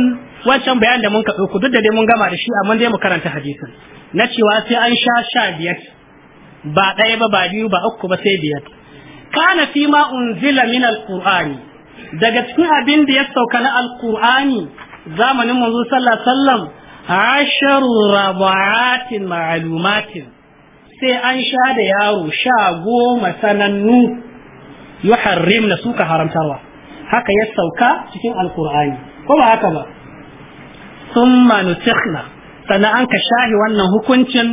wancan bayan da mun ka ɗauko duk da dai mun gama da shi amma dai mu karanta hadisin na cewa sai an sha sha biyar ba ɗaya ba ba biyu ba uku ba sai biyar kana fi ma unzila min alqur'ani daga cikin abin da ya sauka na alqur'ani zamanin manzo sallallahu alaihi wasallam asharu rabatin ma'lumatin sai an sha da yaro sha goma sanannu yuharrimna suka haramtarwa haka ya sauka cikin alqur'ani ko ba haka ba summa nutikhna sannan an ka shahi wannan hukuncin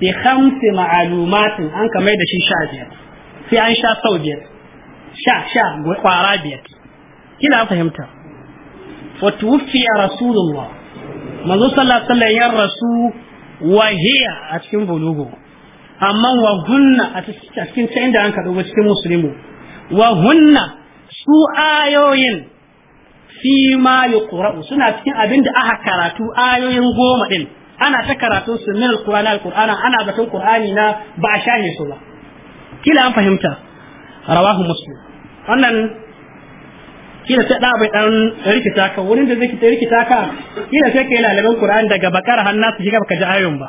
bi khamsi ma'alumatin an ka mai da shi sha biyar sai an sha sau biyar sha sha kwara biyar kina fahimta wa tuwfiya rasulullah manzo sallallahu alaihi wasallam rasu wa hiya a cikin bulugu amma wa hunna a cikin ta inda an ka dubo cikin muslimu wa hunna su ayoyin fi ma ƙura'u suna cikin abin da aka karatu ayoyin goma din ana ta karatu su min al alqur'ana ana batun ƙura'ani na ba a shahe su ba kila an fahimta rawahu muslim wannan kila ta da bai ɗan rikita ka wurin da zai ta rikita ka kila sai kai lalaban qur'ani daga bakar hannu su shiga baka ji ayon ba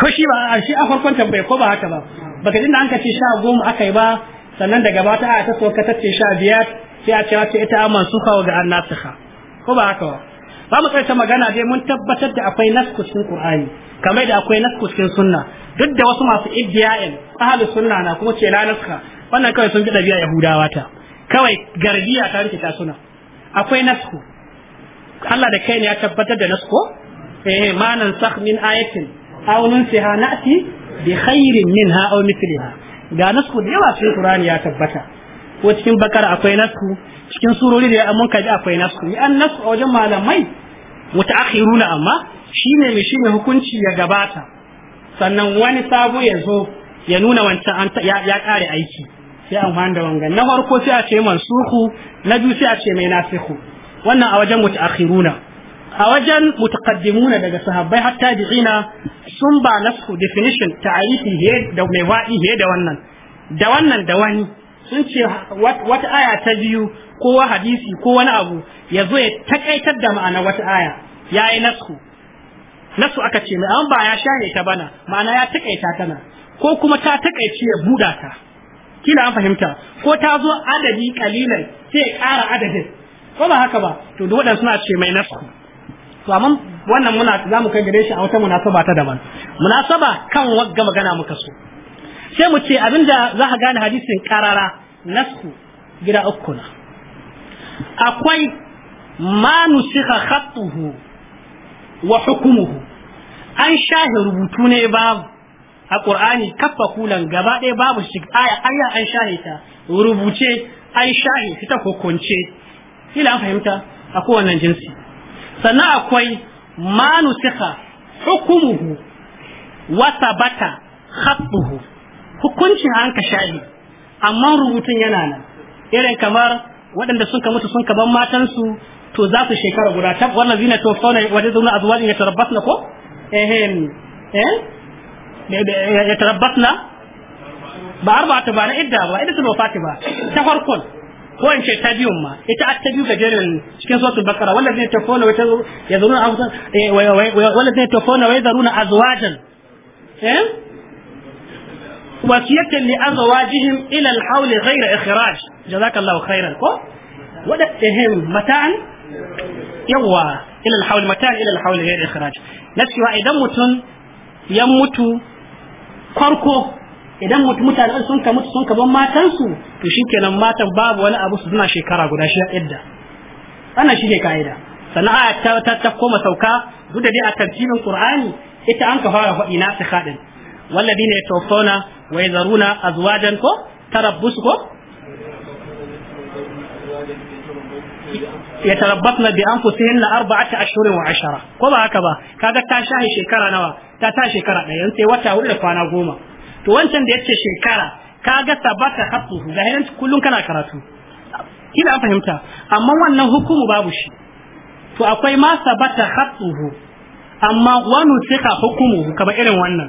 ko shi ba shi a farkon tambaye ko ba haka ba baka ji da an ka ce sha goma yi ba sannan daga ta a ta so ka tace sha biyar sai a cewa ita ita mansuha ga annasiha ko ba haka ba ba mu karshe magana dai mun tabbatar da akwai nasku cikin qur'ani kamar da akwai nasku cikin sunna duk da wasu masu iddiya'in ahlus sunna na kuma ce la naska wannan kawai sun ji dabi'a yahudawa ta kawai gargiya ta rike ta suna akwai nasku Allah da kai ne ya tabbatar da nasku eh ma nan min ayatin aw nunsiha na'ti bi khairin minha aw mithliha ga nasku da yawa cikin qur'ani ya tabbata ko cikin bakara akwai nasu cikin surori da ya mun kaji akwai nasu ni an nasu a wajen malamai mutaakhiruna amma shi shine mai ne hukunci ya gabata sannan wani sabo ya zo ya nuna wancan ya kare aiki sai an wanda wangan. na farko sai a ce mansuhu na biyu sai a ce mai nasihu wannan a wajen mutaakhiruna a wajen mutaqaddimuna daga sahabbai har tabi'ina sun ba nasu definition ta'arifi da mai wa'i da wannan da wannan da wani sun ce wata aya ta biyu ko hadisi ko wani abu ya zo ya takaitar da ma'ana wata aya ya yi nasku nasu aka ce mai an ba ya share ta bana ma'ana ya takaita tana ko kuma ta takaice ya buda ta kila an fahimta ko ta zo adadi kalilai sai ya ƙara adadin ko ba haka ba to da waɗansu suna ce mai nasku to amma wannan muna za mu kai gare shi a wata munasaba ta daban munasaba kan wagga magana muka so sai mu ce abinda za ka gane hadisin karara nasku gida uku na akwai ma nusikha khattuhu wa hukumuhu an shahi rubutu ne babu a qur'ani kafa kulan gaba ɗaya babu shi aya aya an shahi ta rubuce an shahi fita kokonce ila an fahimta a kowane jinsi sannan akwai ma nusikha hukumuhu wa sabata khattuhu hukuncin an ka shaɗi, amma rubutun yana nan irin kamar waɗanda sun ka mutu sun ka ban matansu to za su shekara guda tab wannan zina to fauna wajen zauna a zuwa ya tarabbasna ko ehem eh ya tarabbas na ba arba'atu ba na idda ba idda ba fati ba ta farkon ko in ce ta biyun ma ita a ta biyu gajeren cikin suratul bakara wanda zai tafona wai ya zaruna eh, wanda zai tafona wai zaruna azwajan eh wasiyatan li azwajihim ila al-hawl ghayra ikhraj jazakallahu khairan ko wada ehim matan yawa ila al-hawl matan ila al-hawl ghayra ikhraj nasiwa idan mutun ya mutu farko idan mutane sun ka mutu sun ka ban matansu to shikenan matan babu wani abu su suna shekara guda shi yadda ana shi ne ka'ida sana'a ta ta koma sauka duk da dai a tartibin qur'ani ita an ka fara faɗi na ta والذين يتوفون ويذرون أزواجا كو تربص كو يتربطن بأنفسهن أربعة أشهر وعشرة كو هكذا كذا تاشاهي شكرا نوا تاشاهي شكرا ينتهي وتا ولا فانا goma to wancan da yace shekara kaga sabata hatsu zahirin kullun kana karatu kila an fahimta amma wannan hukumu babu shi to akwai ma sabata hatsuhu amma wani ka hukumu irin wannan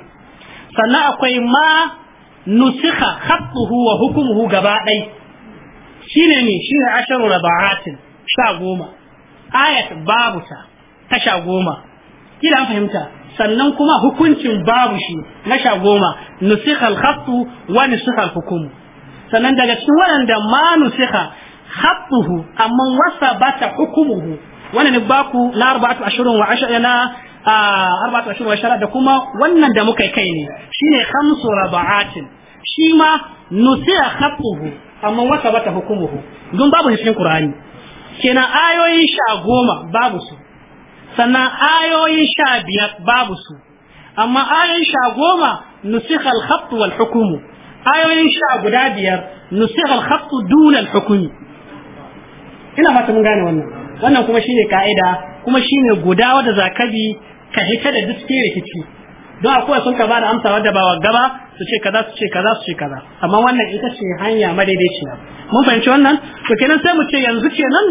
sannan akwai ma nusikha khattuhu wa hukumuhu gaba ɗai shi ne shine asharu rabaatin sha goma ayat babu ta ta sha goma kila fahimta sannan kuma hukuncin babu shi na sha goma nusikhal khattu wa nusikhal hukumu. sannan daga cikin waɗanda ma nusikha khattuhu amma wasa bata hukumuhu wani ne baku la arba'atu ashurun wa na. arba'atu ashhur wa shara da kuma wannan da muka kai ne shine khamsu raba'atin shi ma nusiya khatuhu amma wata bata hukumuhu don babu cikin qur'ani kenan ayoyin sha goma babu su sannan ayoyin sha biyar babu su amma ayoyin sha goma nusiha al-khatt wal hukumu ayoyin sha guda biyar nusiha al-khatt dun al-hukumi ina fata mun gane wannan wannan kuma shine ka'ida kuma shi ne guda wadda zakabi ka hita da duk rikici don akwai sun ka ba da amsa wadda ba wagga ba su ce kaza su ce kaza su ce kaza amma wannan ita ce hanya madaidaiciya mun fahimci wannan to kenan sai mu ce yanzu kenan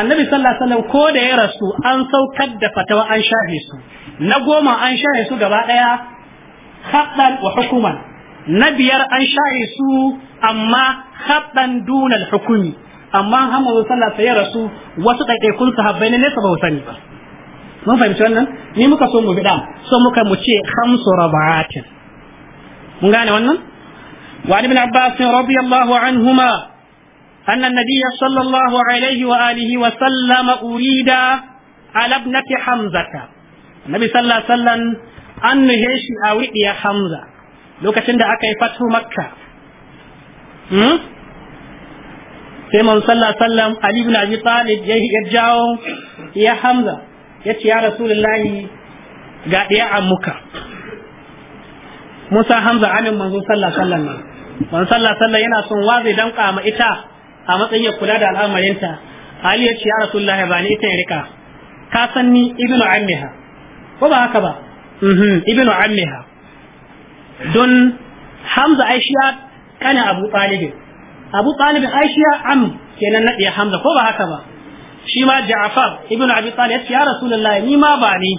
annabi sallallahu alaihi wasallam ko da ya rasu an saukar da fatawa an shafe su na goma an shafe su gaba daya haddan wa hukuman na biyar an shafe su amma haddan dunal hukumi amma har manzo sallah sai ya rasu wasu ɗaiɗaikun sahabbai ne nesa ba su sani ba mun fahimci wannan ni muka so mu bi so muka mu ce khamsu rabatin mun gane wannan wa ibn abbas radiyallahu anhuma أن النبي صلى الله عليه وآله وسلم أريد على ابنة حمزة النبي صلى الله عليه وسلم أن هيش أوريد يا حمزة لو كتند أكي فتح مكة sai man sallallahu alaihi wasallam ali ibn abi talib ya jawo ya hamza ya ce ya rasulullahi ga ɗaya a muka musa hamza amin manzon sallah sallan ne manzon sallah sallan yana son wa zai danka ma ita a matsayin ya kula da al'amarinta ali ya ce ya rasulullahi ba ni ita ya rika ka san ni ibnu ammiha ko ba haka ba mhm ibnu ammiha don hamza aisha kana abu talibin abu talibin aishiya am kenan na ɗaya hamza ko ba haka ba shi ma ja'afar ibnu abi talib ya ce ya rasulullahi ni ma ba ni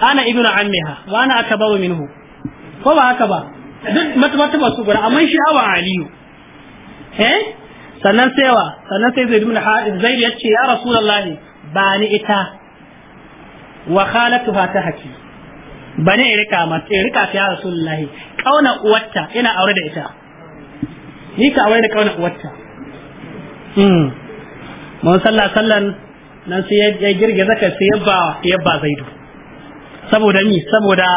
ana ibnu ammiha wa ana akabaru minhu ko ba haka ba duk matabata ba su gura amma shi awa aliyu eh sannan sai wa sannan sai zaid ibn harith zaid ya ce ya rasulullahi ba ni ita wa khalatuha ta haki bane rika mata rika ta ya rasulullahi kauna uwarta ina aure da ita ni ka aure da kauna uwarta mm mun sallah sallan nan sai ya girgiza ka sai ya ba zaidu saboda ni saboda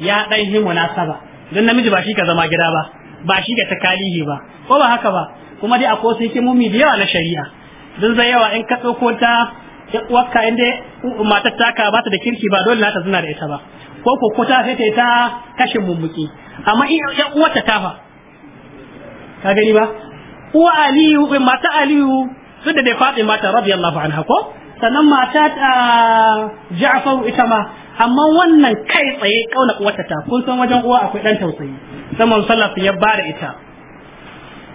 ya dan yi munasaba dan namiji ba shi ka zama gida ba ba shi ka takalihi ba ko ba haka ba kuma dai akwai sai mummi da yawa na shari'a dan zai yawa in ka tsoko ta wakka inda matar taka ba ta da kirki ba dole ta zina da ita ba ko ko ta sai ta kashin mummuki amma in ya uwarta ta fa ka gani ba uwa aliyu bin eh, mata aliyu su da dai fatima ta radiyallahu anha ko sannan mata ta ah, ja'far ita ma amma wannan kai tsaye kauna uwarta ta kun san wajen uwa akwai dan tausayi man sallah ya bada ita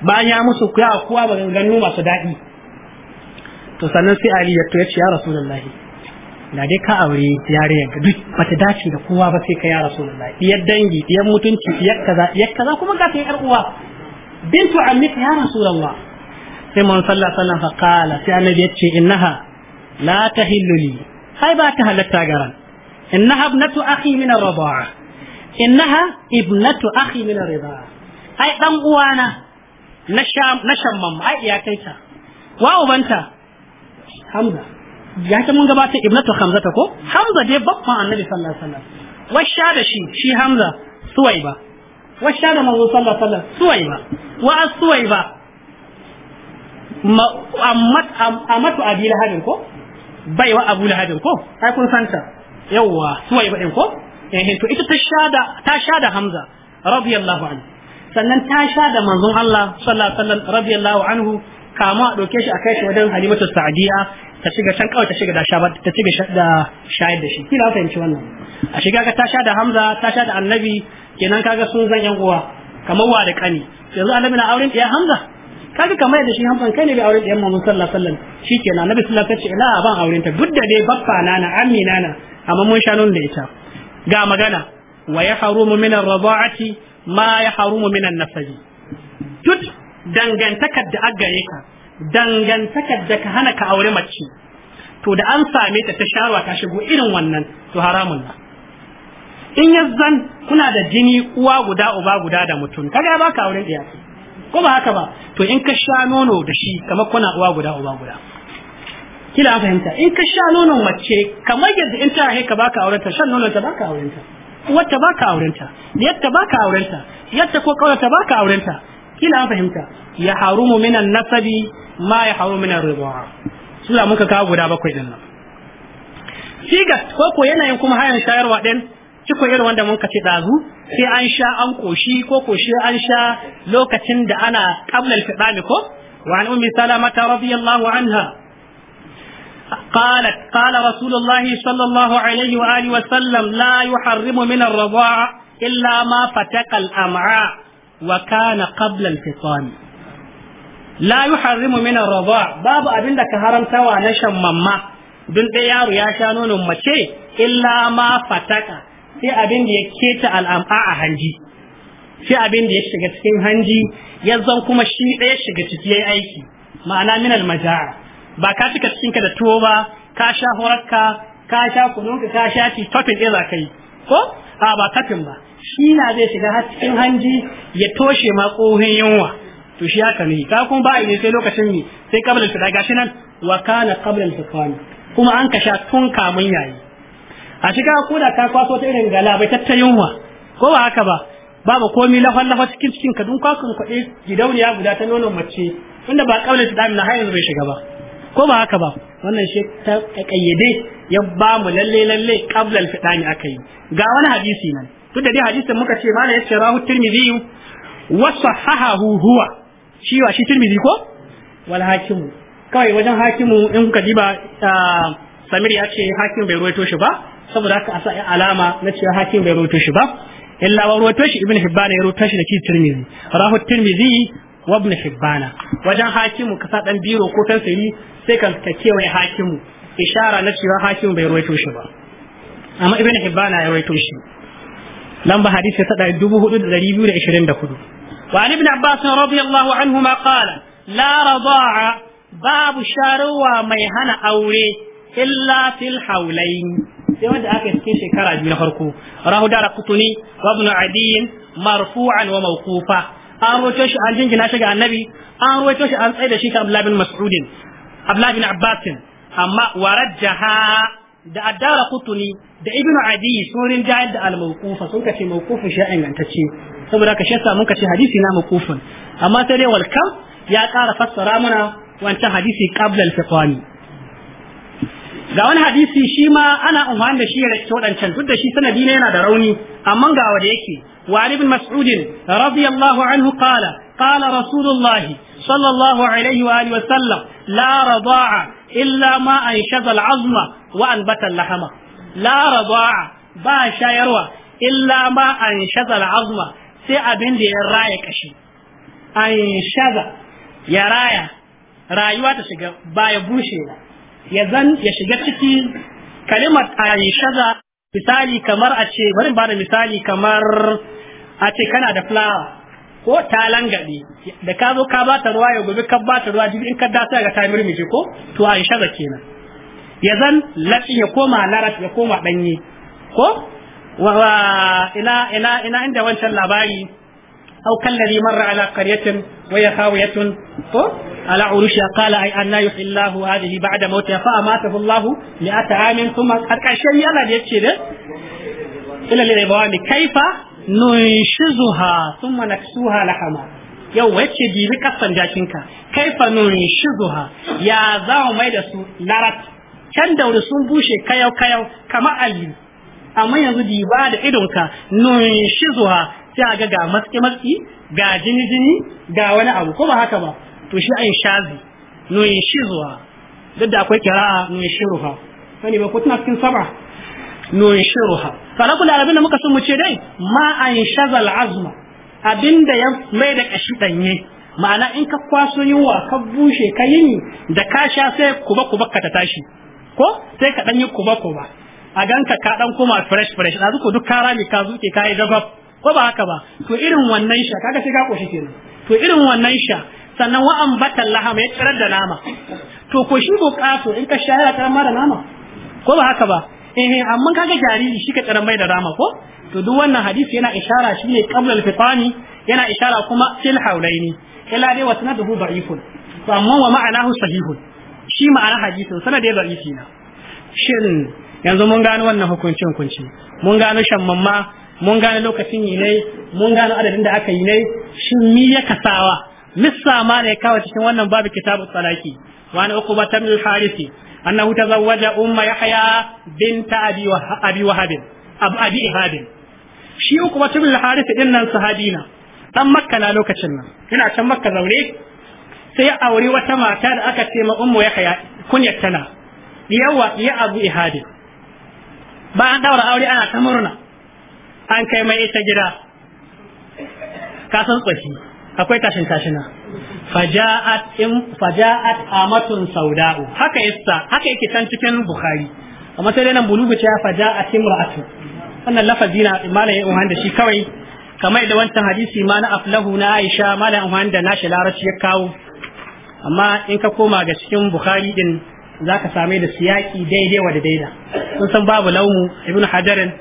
bayan ya musu kuya kuwa ba maganganu masu daɗi to sannan sai ali ya ce ya rasulullahi da dai ka aure yarinyar ka duk bata dace da kowa ba sai ka ya rasulullahi iya dangi iya mutunci diyar kaza diyar kaza kuma ga ta yi uwa bintu ammika ya rasulullah sai man sallallahu alaihi wasallam fa qala sai annabi yace innaha la tahillu li ai ba ta halatta garan innaha ibnatu akhi min ar-rida'a innaha ibnatu min ar-rida'a dan uwana na sham na shammam ai iya kai ta wa ubanta hamza ya ta mun gabata ibnatu hamza ta ko hamza dai babban annabi sallallahu alaihi da shi shi hamza suwaiba washa da manzo sallallahu alaihi wasallam suwai ba wa suwai ba amatu abi lahabin ko bai wa abu lahabin ko ai kun santa yawwa suwai ba din ko eh to ita ta shada ta shada hamza radiyallahu anhu sannan ta shada manzon Allah sallallahu alaihi wasallam radiyallahu anhu kama a ɗauke shi a kai shi wajen halimatu sa'diya ta shiga can kawai ta shiga da shabar ta shiga da shayar da shi kila fahimci wannan a shiga ka ta sha da hamza ta sha da annabi kenan kaga sun zan yan uwa kamar wa da kani yanzu annabi na auren ya hamza kaga kamar da shi hamza kai ne bai auren ɗayan mamun sallallahu alaihi wasallam kenan annabi sallallahu alaihi wasallam ina a ban auren ta duk da dai baffa nana amina na amma mun sha nun da ita ga magana wa ya harumu min ar ma ya harumu min an-nasabi duk dangantakar da aggare ka dangantakar da ka hana ka aure mace to da an same ta ta sharwa ta shigo irin wannan to haramun na in zan kuna da jini uwa guda uba guda da mutum kaga ba ka auren ɗaya ko ba haka ba to in ka sha nono da shi kamar kuna uwa guda uba guda kila an fahimta in ka sha nonon mace kamar yadda in ta ka aure aurenta shan nonon ta ba aure aurenta wata baka aurenta yadda aure aurenta yadda ko kawai ta ka aure aurenta kila an fahimta ya harumu minan nasabi ma ya haru min ar-riba muka kawo guda bakwai din nan siga ko ko yanayin kuma hayan shayarwa din ciko irin wanda mun kace dazu sai an sha an koshi ko koshi an sha lokacin da ana qabla al ko wa an ummi salamata radiyallahu anha قالت قال رسول الله صلى الله عليه وآله وسلم لا يحرم من الرضاعة إلا ما فتق الأمعاء وكان قبل الفطام la yuharrimu min ar babu abin da ka wa na shan mamma dun dai yaro ya sha nono mace illa ma fataka sai abin da ya keta al'am'a a hanji sai abin da ya shiga cikin hanji yanzu kuma shi ɗaya shiga ciki yayi aiki ma'ana min al-majaa ba ka cika cikin ka da tuwo ba ka sha horarka ka sha kununka ka sha ci tofin ɗaya za ka yi ko a ba tafin ba shi na zai shiga cikin hanji ya toshe ma yunwa to shi haka ne ka kuma ba'i ne sai lokacin ne sai kabla ta gashi nan wa kana qabla al-hukmi kuma an kasha tun kamun yayi a shiga ko da ka kwaso ta irin gala bai tattayin ko ba haka ba babu komi lafan lafa cikin cikin ka dun kuɗi gidauniya guda ta nono mace tunda ba kabla ta dami na har yanzu bai shiga ba ko ba haka ba wannan shi ta kayyade ya ba mu lalle lalle qabla al-fitani akai ga wani hadisi nan duk da dai hadisin muka ce mana yace rahu tirmidhi wa sahahahu huwa shi wa shi tirmidhi ko wal hakimu kawai wajen hakimu in kuka diba ah, samir ya ce hakim bai ruwaito shi ba saboda haka asa sa alama na cewa hakim bai ruwaito shi ba illa wa ruwaito shi ibn hibban ya ruwaito shi da ki tirmidhi rahu tirmidhi wa ibn hibban wajen hakimu ka sa dan biro ko tan sayi sai ka kewaye hakimu ishara na cewa hakimu bai ruwaito shi ba amma ibn hibban ya ruwaito shi lamba hadisi ta 4224 وعن ابن عباس رضي الله عنهما قال لا رضاعة باب شاروا ميهن أوري إلا في الحولين sai wanda aka yi cikin shekara biyu na farko rahu dara kutuni wa ibn adiyin marfu'an wa an rawaito shi an jingina shi ga annabi an rawaito shi an tsaye da shi ka abdullahi bin mas'udin amma da addara kutuni da ibn adiyi sun rinjayar da al-mawqufa sun kace mawqufu shi ingantacce saboda ka shesa mun ce hadisi na mukufin amma sai dai walkam ya ƙara fassara mana wancan hadisi qabla al-fiqani ga wani hadisi shi ma ana umarni da shi ya rike wadancan duk da shi sanadi ne yana da rauni amma ga wanda yake wa ibn mas'ud radiyallahu anhu qala qala rasulullah sallallahu alaihi wa alihi wa sallam la radaa illa ma anshaza al-azma wa anbata al-lahama la ba shayarwa illa ma anshaza al-azma sai abin da ya raya kashi shaza ya raya rayuwa ta shiga ba ya bushe ba ya zan ya shiga ciki kalimar an shaza misali kamar a ce bari ba da misali kamar a ce kana da fulawa ko ta langaɗe da ka zo ka ba ta ruwa ya gobe ka ba ta ruwa jibi in ka dasa ga ta mirmije ko to an shaza kenan ya zan latsi ya koma larat ya koma ɗanye ko wa ina inda wancan labari au kallari marra ala qaryatin wa ya khawiyatun to ala urusha qala ay anna yuhillahu hadhihi ba'da mawtiha fa amatahu Allahu li at'amin thumma qarqashi yalla da yace da ila li rayawani kaifa nunshizuha thumma naksuha lahama yau wacce bibi kasan jakin ka kaifa nunshizuha ya za mai da su narat can daure sun bushe kayau kayau kamar aliyu amma yanzu diba da idonka nun shi zuwa sai ga ga matsi matsi ga jini jini ga wani abu ko ba haka ba to shi ayin shazi nun shi zuwa duk da akwai kira'a nun shi ruha sani ba ko tana cikin saba nun shi ruha sana kula abin da muka sun mu ce dai ma ayin shazal azma abinda ya mai da kashi danye ma'ana in ka kwaso yunwa ka bushe ka yini da ka sha sai kuba kuba ka ta tashi ko sai ka danyi kuba kuba a ganka ka dan koma fresh fresh da zuko duk kara ne ka zuke kai gabab ko ba haka ba to irin wannan sha kaga sai ka koshi kenan to irin wannan sha sannan wa ambatan lahama ya tsirar da nama to ko shi bukatu in ka sha ya tsirar da nama ko ba haka ba eh amma kaga jariri shi ka tsirar mai da nama ko to duk wannan hadisi yana ishara shine qabla al-fitani yana ishara kuma fil haulaini ila dai wa sanaduhu da'ifun to amma wa ma'anahu sahihun shi ma'ana hadisin sanadai da'ifi na shin yanzu mun gano wannan hukunci hukunci mun gano shammamma mun gano lokacin yi ne mun gano adadin da aka yi ne shin mi ya kasawa missa ma ne kawo cikin wannan babu kitabu talaki wani uku ba tamil harisi annahu tazawwaja umma yahya binta abi wa abi wahab abu abi ihab shi uku ba tamil harisi din nan sahabina dan makka na lokacin nan ina can makka zaure sai ya aure wata mata da aka ce ma ummu yahya na. yawa ya abu ihadin bayan daura aure ana ta murna an kai mai ita gida kasan tsaki, akwai tashin tashina faja'at in faja'at amatun sauda'u haka yasta haka yake san cikin bukhari amma sai dai nan bulugu ce faja'at imra'atu wannan lafazi na malam ya umman shi kawai kamar da wancan hadisi ma na aflahu na Aisha malam da nashi larashi ya kawo amma in ka koma ga cikin bukhari din Za ka same da siyaki daidai wa da daida kun san babu laumu ibnu hajarin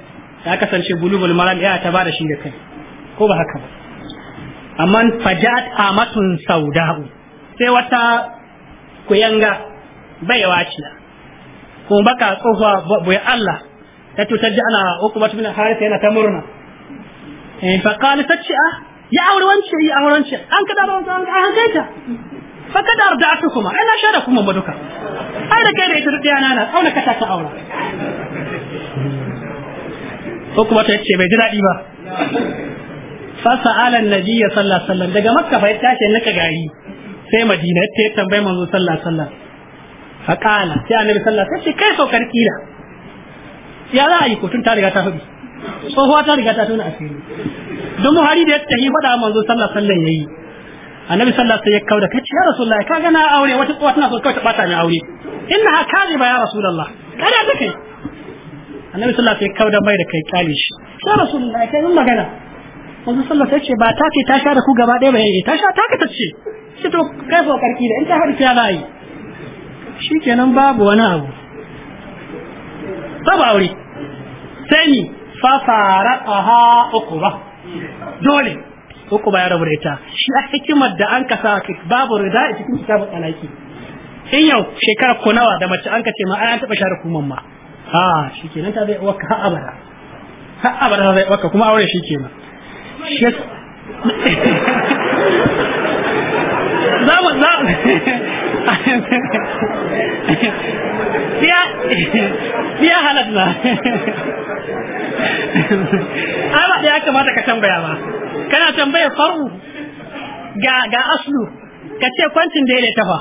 ya kasance bulugul maram ya ta bada shi da kai ko ba haka ba amma fajat amatun sauda'u sai wata kuyanga baiwa ce ko baka tsofa boye Allah ta tutar da ana ukubatu bin harisa yana ta murna eh fa qala tachi ah ya aure wance ya aure wance an kada ba an kai ta fa kada arda'tukuma ina shara kuma maduka har da kai da ita duk yana na auna kasa ta aura ko kuma ta ce bai ji daɗi ba fasa alan nabiyya sallallahu alaihi daga makka fa ya tashi naka gari sai madina ta tambaye manzo sallallahu alaihi wasallam fa kana sai annabi sallallahu sai kai so karkila ya za a yi kotun ta riga ta hudu tsohuwa ta riga ta tona asiri don muhari da ya tafi faɗa manzo sallah alaihi ya yi. annabi sallallahu alaihi wasallam ya kauda kace ya ka kaga na aure wata tsowa tana so kawai ta bata ni aure kali ba ya rasulullah kada ta kai annabi sallallahu alaihi wasallam ya kauda mai da kai kali shi ya rasulullah kai mun magana wanzu sallallahu alaihi wasallam ba ta ce ta sha da ku gaba ɗaya ba yayi eh, ta sha ta ka tace shi to kai fa karki da in ta harfi ya Shi shikenan babu wani abu babu aure sai ni fa fara uku ba dole uku ba ya rabu da ita shi a hikimar da an kasa babu rida a cikin kitabun alaki in yau shekara ko nawa da mace an kace ma ai an taba share kuman ma a kenan ta bai waka har abada har abada ta bai waka kuma aure shi kenan za mu za ya ya halatta ai ba ya kamata ka tambaya ba kana tambaya faru ga ga aslu ka ce kwantin da ya tafa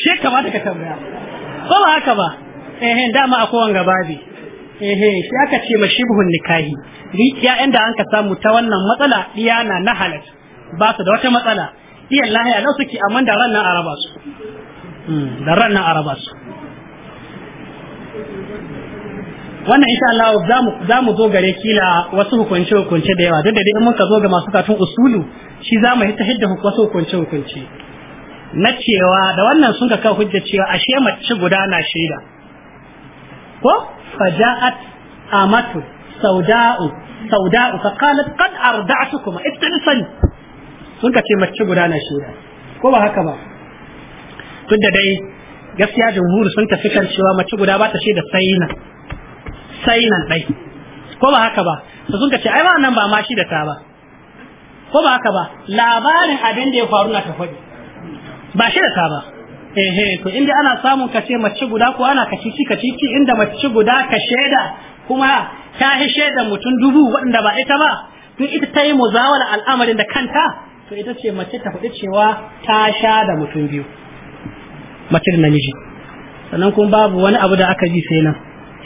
shi kamata ka tambaya ko ba haka ba eh dama akwai wanga babi eh shi aka ce mashibhun nikahi rikiya inda an ka samu ta wannan matsala iyana na halal ba su da wata matsala iyan lahiya lau suke amma da ran nan araba su hmm, da ran nan araba su wannan insha Allah za mu zo gare kila wasu hukunce hukunce da yawa duk da dai mun ka zo ga masu katun usulu shi za mu ta hidda wasu hukunce hukunce na cewa da wannan sun ka kawo hujja cewa ashe mace guda na shaida ko faja'at amatu sauda'u sauda'u fa qalat qad arda'tukum istihsan sun ka ce mace guda na shaida ko ba haka ba da dai gaskiya jumhur sun tafi kan cewa mace guda ba ta shaida sai na sai nan dai ko ba haka ba to sun ce ai ba nan ba ma shi da ta ba ko ba haka ba labarin abin da ya faru na ta ba shi da ta ba ehe to inda ana samun kace mace guda ko ana kacici kacici inda mace guda ka sheda kuma ta hi sheda mutum dubu waɗanda ba ita ba to ita tayi muzawala al'amarin da kanta to ita ce mace ta faɗi cewa ta sha da mutum biyu mace da namiji sannan kuma babu wani abu da aka ji sai nan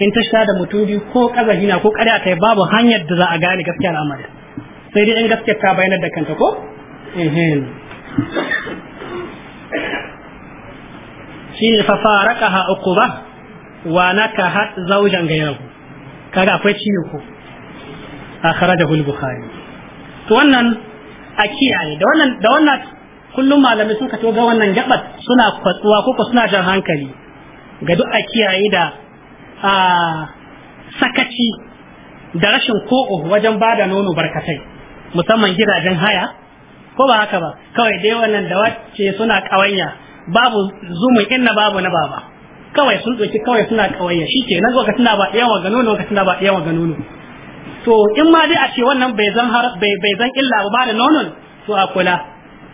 in ta shiga da mutum biyu ko kaza hina ko a kai babu hanyar da za a gane gaskiyar amana sai dai in gaskiyar ta bayanar da kanta ko ehem shine fa faraqaha uquba wa nakaha zawjan ghayrahu kaga akwai ciwo ko akhrajahu al-bukhari to wannan a kiyaye da wannan da wannan kullum malamai ka to ga wannan gabat suna kwatsuwa ko suna jan hankali ga duk a kiyaye da a sakaci da rashin ko'o wajen ba da nono barkatai musamman gidajen haya ko ba haka ba kawai dai wannan da wace suna kawanya babu zumun inna babu na baba kawai sun ɗauki kawai suna kawanya shi ke nan wakati suna ba yawa ga nono wakati suna ba yawa ga nono to in ma dai a ce wannan bai zan har bai zan illa ba da nonon to a kula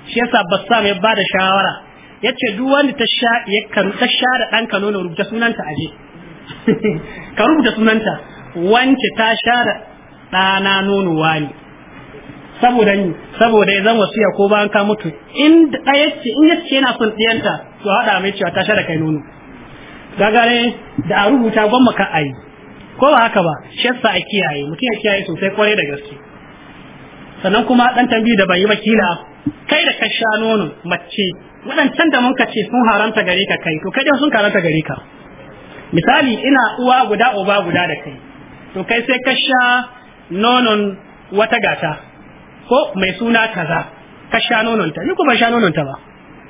shi yasa bassam ya ba da shawara yace duk wanda ta sha ya kan ta sha da ɗanka nono rubuta sunanta aje ka rubuta sunanta wance ta share ɗana nono wani saboda ni saboda ya zan ko bayan ka mutu in ɗaya ce in ya ce yana son ɗiyanta to haɗa mai cewa ta share kai nono gagare da a rubuta gwamma ka ayi ko ba haka ba shessa a kiyaye mutum ya kiyaye sosai kwarai da gaske sannan kuma ɗan tambayi da ban yi ba kai da ka sha nono mace waɗancan da mun ka ce sun haranta gare ka kai to kai sun karanta gare ka misali ina uwa guda uba guda da kai to kai sai ka sha nonon wata gata ko mai suna kaza ka sha nonon ta ni ko ban sha nonon ta ba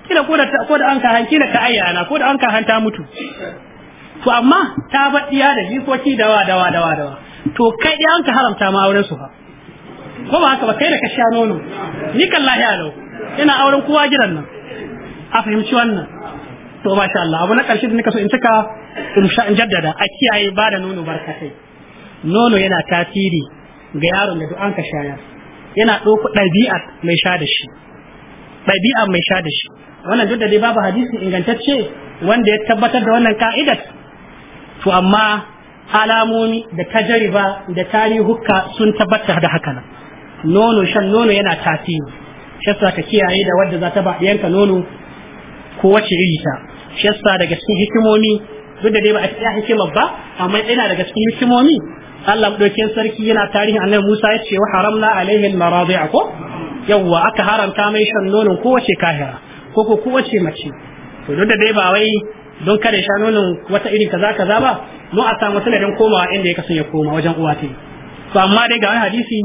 kina ko da ko da an ka hanki da ka ayyana ko da an ka hanta ta mutu to amma ta baɗiya da jikoki dawa dawa dawa dawa to kai dai an ka haramta ma auren su fa ko ba haka ba kai da ka sha nono ni kan a lau ina auren kowa gidan nan a fahimci wannan to masha Allah abu na karshe da nika so in cika in sha in jaddada a kiyaye ba da nono barkatai nono yana tasiri ga yaron da an ka shayar yana ɗauko ɗabi'a mai sha da shi ɗabi'a mai sha da shi wannan duk da dai babu hadisi ingantacce wanda ya tabbatar da wannan ka'idar to amma alamomi da tajariba da tarihuka sun tabbatar da haka nan nono shan nono yana tasiri shi ka kiyaye da wadda za ta ba yanka nono ko wace iri ta shi yasa daga cikin hikimomi duk da dai ba a cikin hikimar ba amma yana daga cikin hikimomi Allah dokin sarki yana tarihin annabi Musa ya ce wa haramna alaihi al-maradi'a ko yawa aka haramta mai shan nonon kowace kahira ko ko kowace mace to duk da dai ba wai don kada sha nonon wata irin kaza kaza ba mu a samu sanadin komawa inda ya kasance ya koma wajen uwa ta to amma dai ga wani hadisi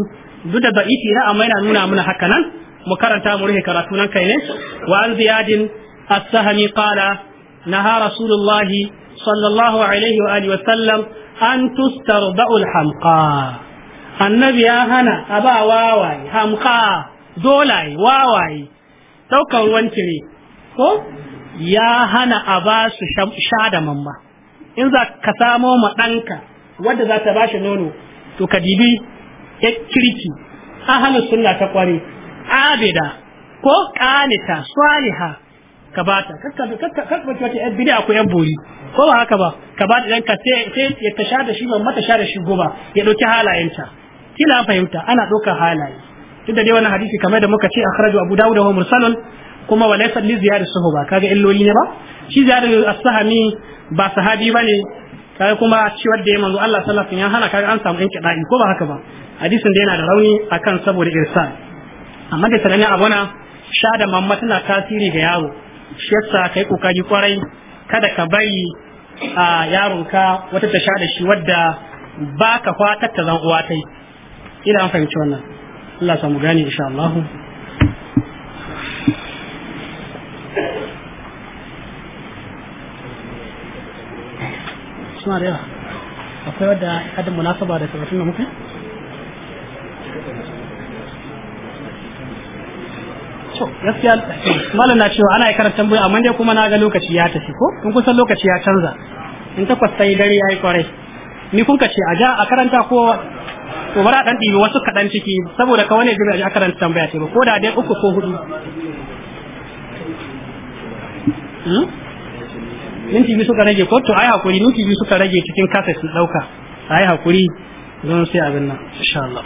duk da baiti na amma yana nuna mana haka nan mu karanta mu rufe karatu nan kai ne wa an ziyadin as-sahmi qala نهى رسول الله صلى الله عليه وآله وسلم أن تسترضع الحمقاء النبي هنا أبا واواي حمقاء دولاي واواي توكا وانتري ya hana a ba su sha mamma in za ka samo ma ɗanka wadda za ta bashi nono to ka dibi ya kirki ahalus sunna ta kware abida ko ƙanita swaliha ka bata kakka kakka kakka ce yan bid'a yan bori ko ba haka ba ka bata dan ka sai sai ya tasha da shi ban mata sha da shi goba ya dauki halayenta kila fahimta ana ɗauka halaye tunda dai wannan hadisi kamar da muka ce akhraju abu daud wa mursalun kuma wa laysa li ziyad sahaba kaga illoli ne ba shi ziyad as-sahami ba sahabi bane kaga kuma shi wanda ya manzo Allah sallallahu alaihi wasallam ya hana kaga an samu yanke dai ko ba haka ba hadisin da yana da rauni akan saboda irsal amma da sanani abuna sha da mamma tana tasiri ga yaro shi yasa kai kokari kwarai kada ka bari a yaronka wata ta sha da shi wadda ba ka fatar ta zan uwa yi. ina an fahimci wannan Allah samu gane insha Allah suna da yawa akwai wadda kada munasaba da karatun da muka to gaskiya malam na cewa ana karanta tambaya amma dai kuma na ga lokaci ya tafi ko kun kusan lokaci ya canza in takwas sai dare yayi kwarai ni kun kace a ja a karanta ko to bara dan dibi wasu kadan ciki saboda ka wani jibi a karanta tambaya ce ba ko da dai uku ko hudu hmm? minti biyu suka rage ko to ai hakuri minti biyu suka rage cikin kasa su dauka ai hakuri don sai abin nan insha Allah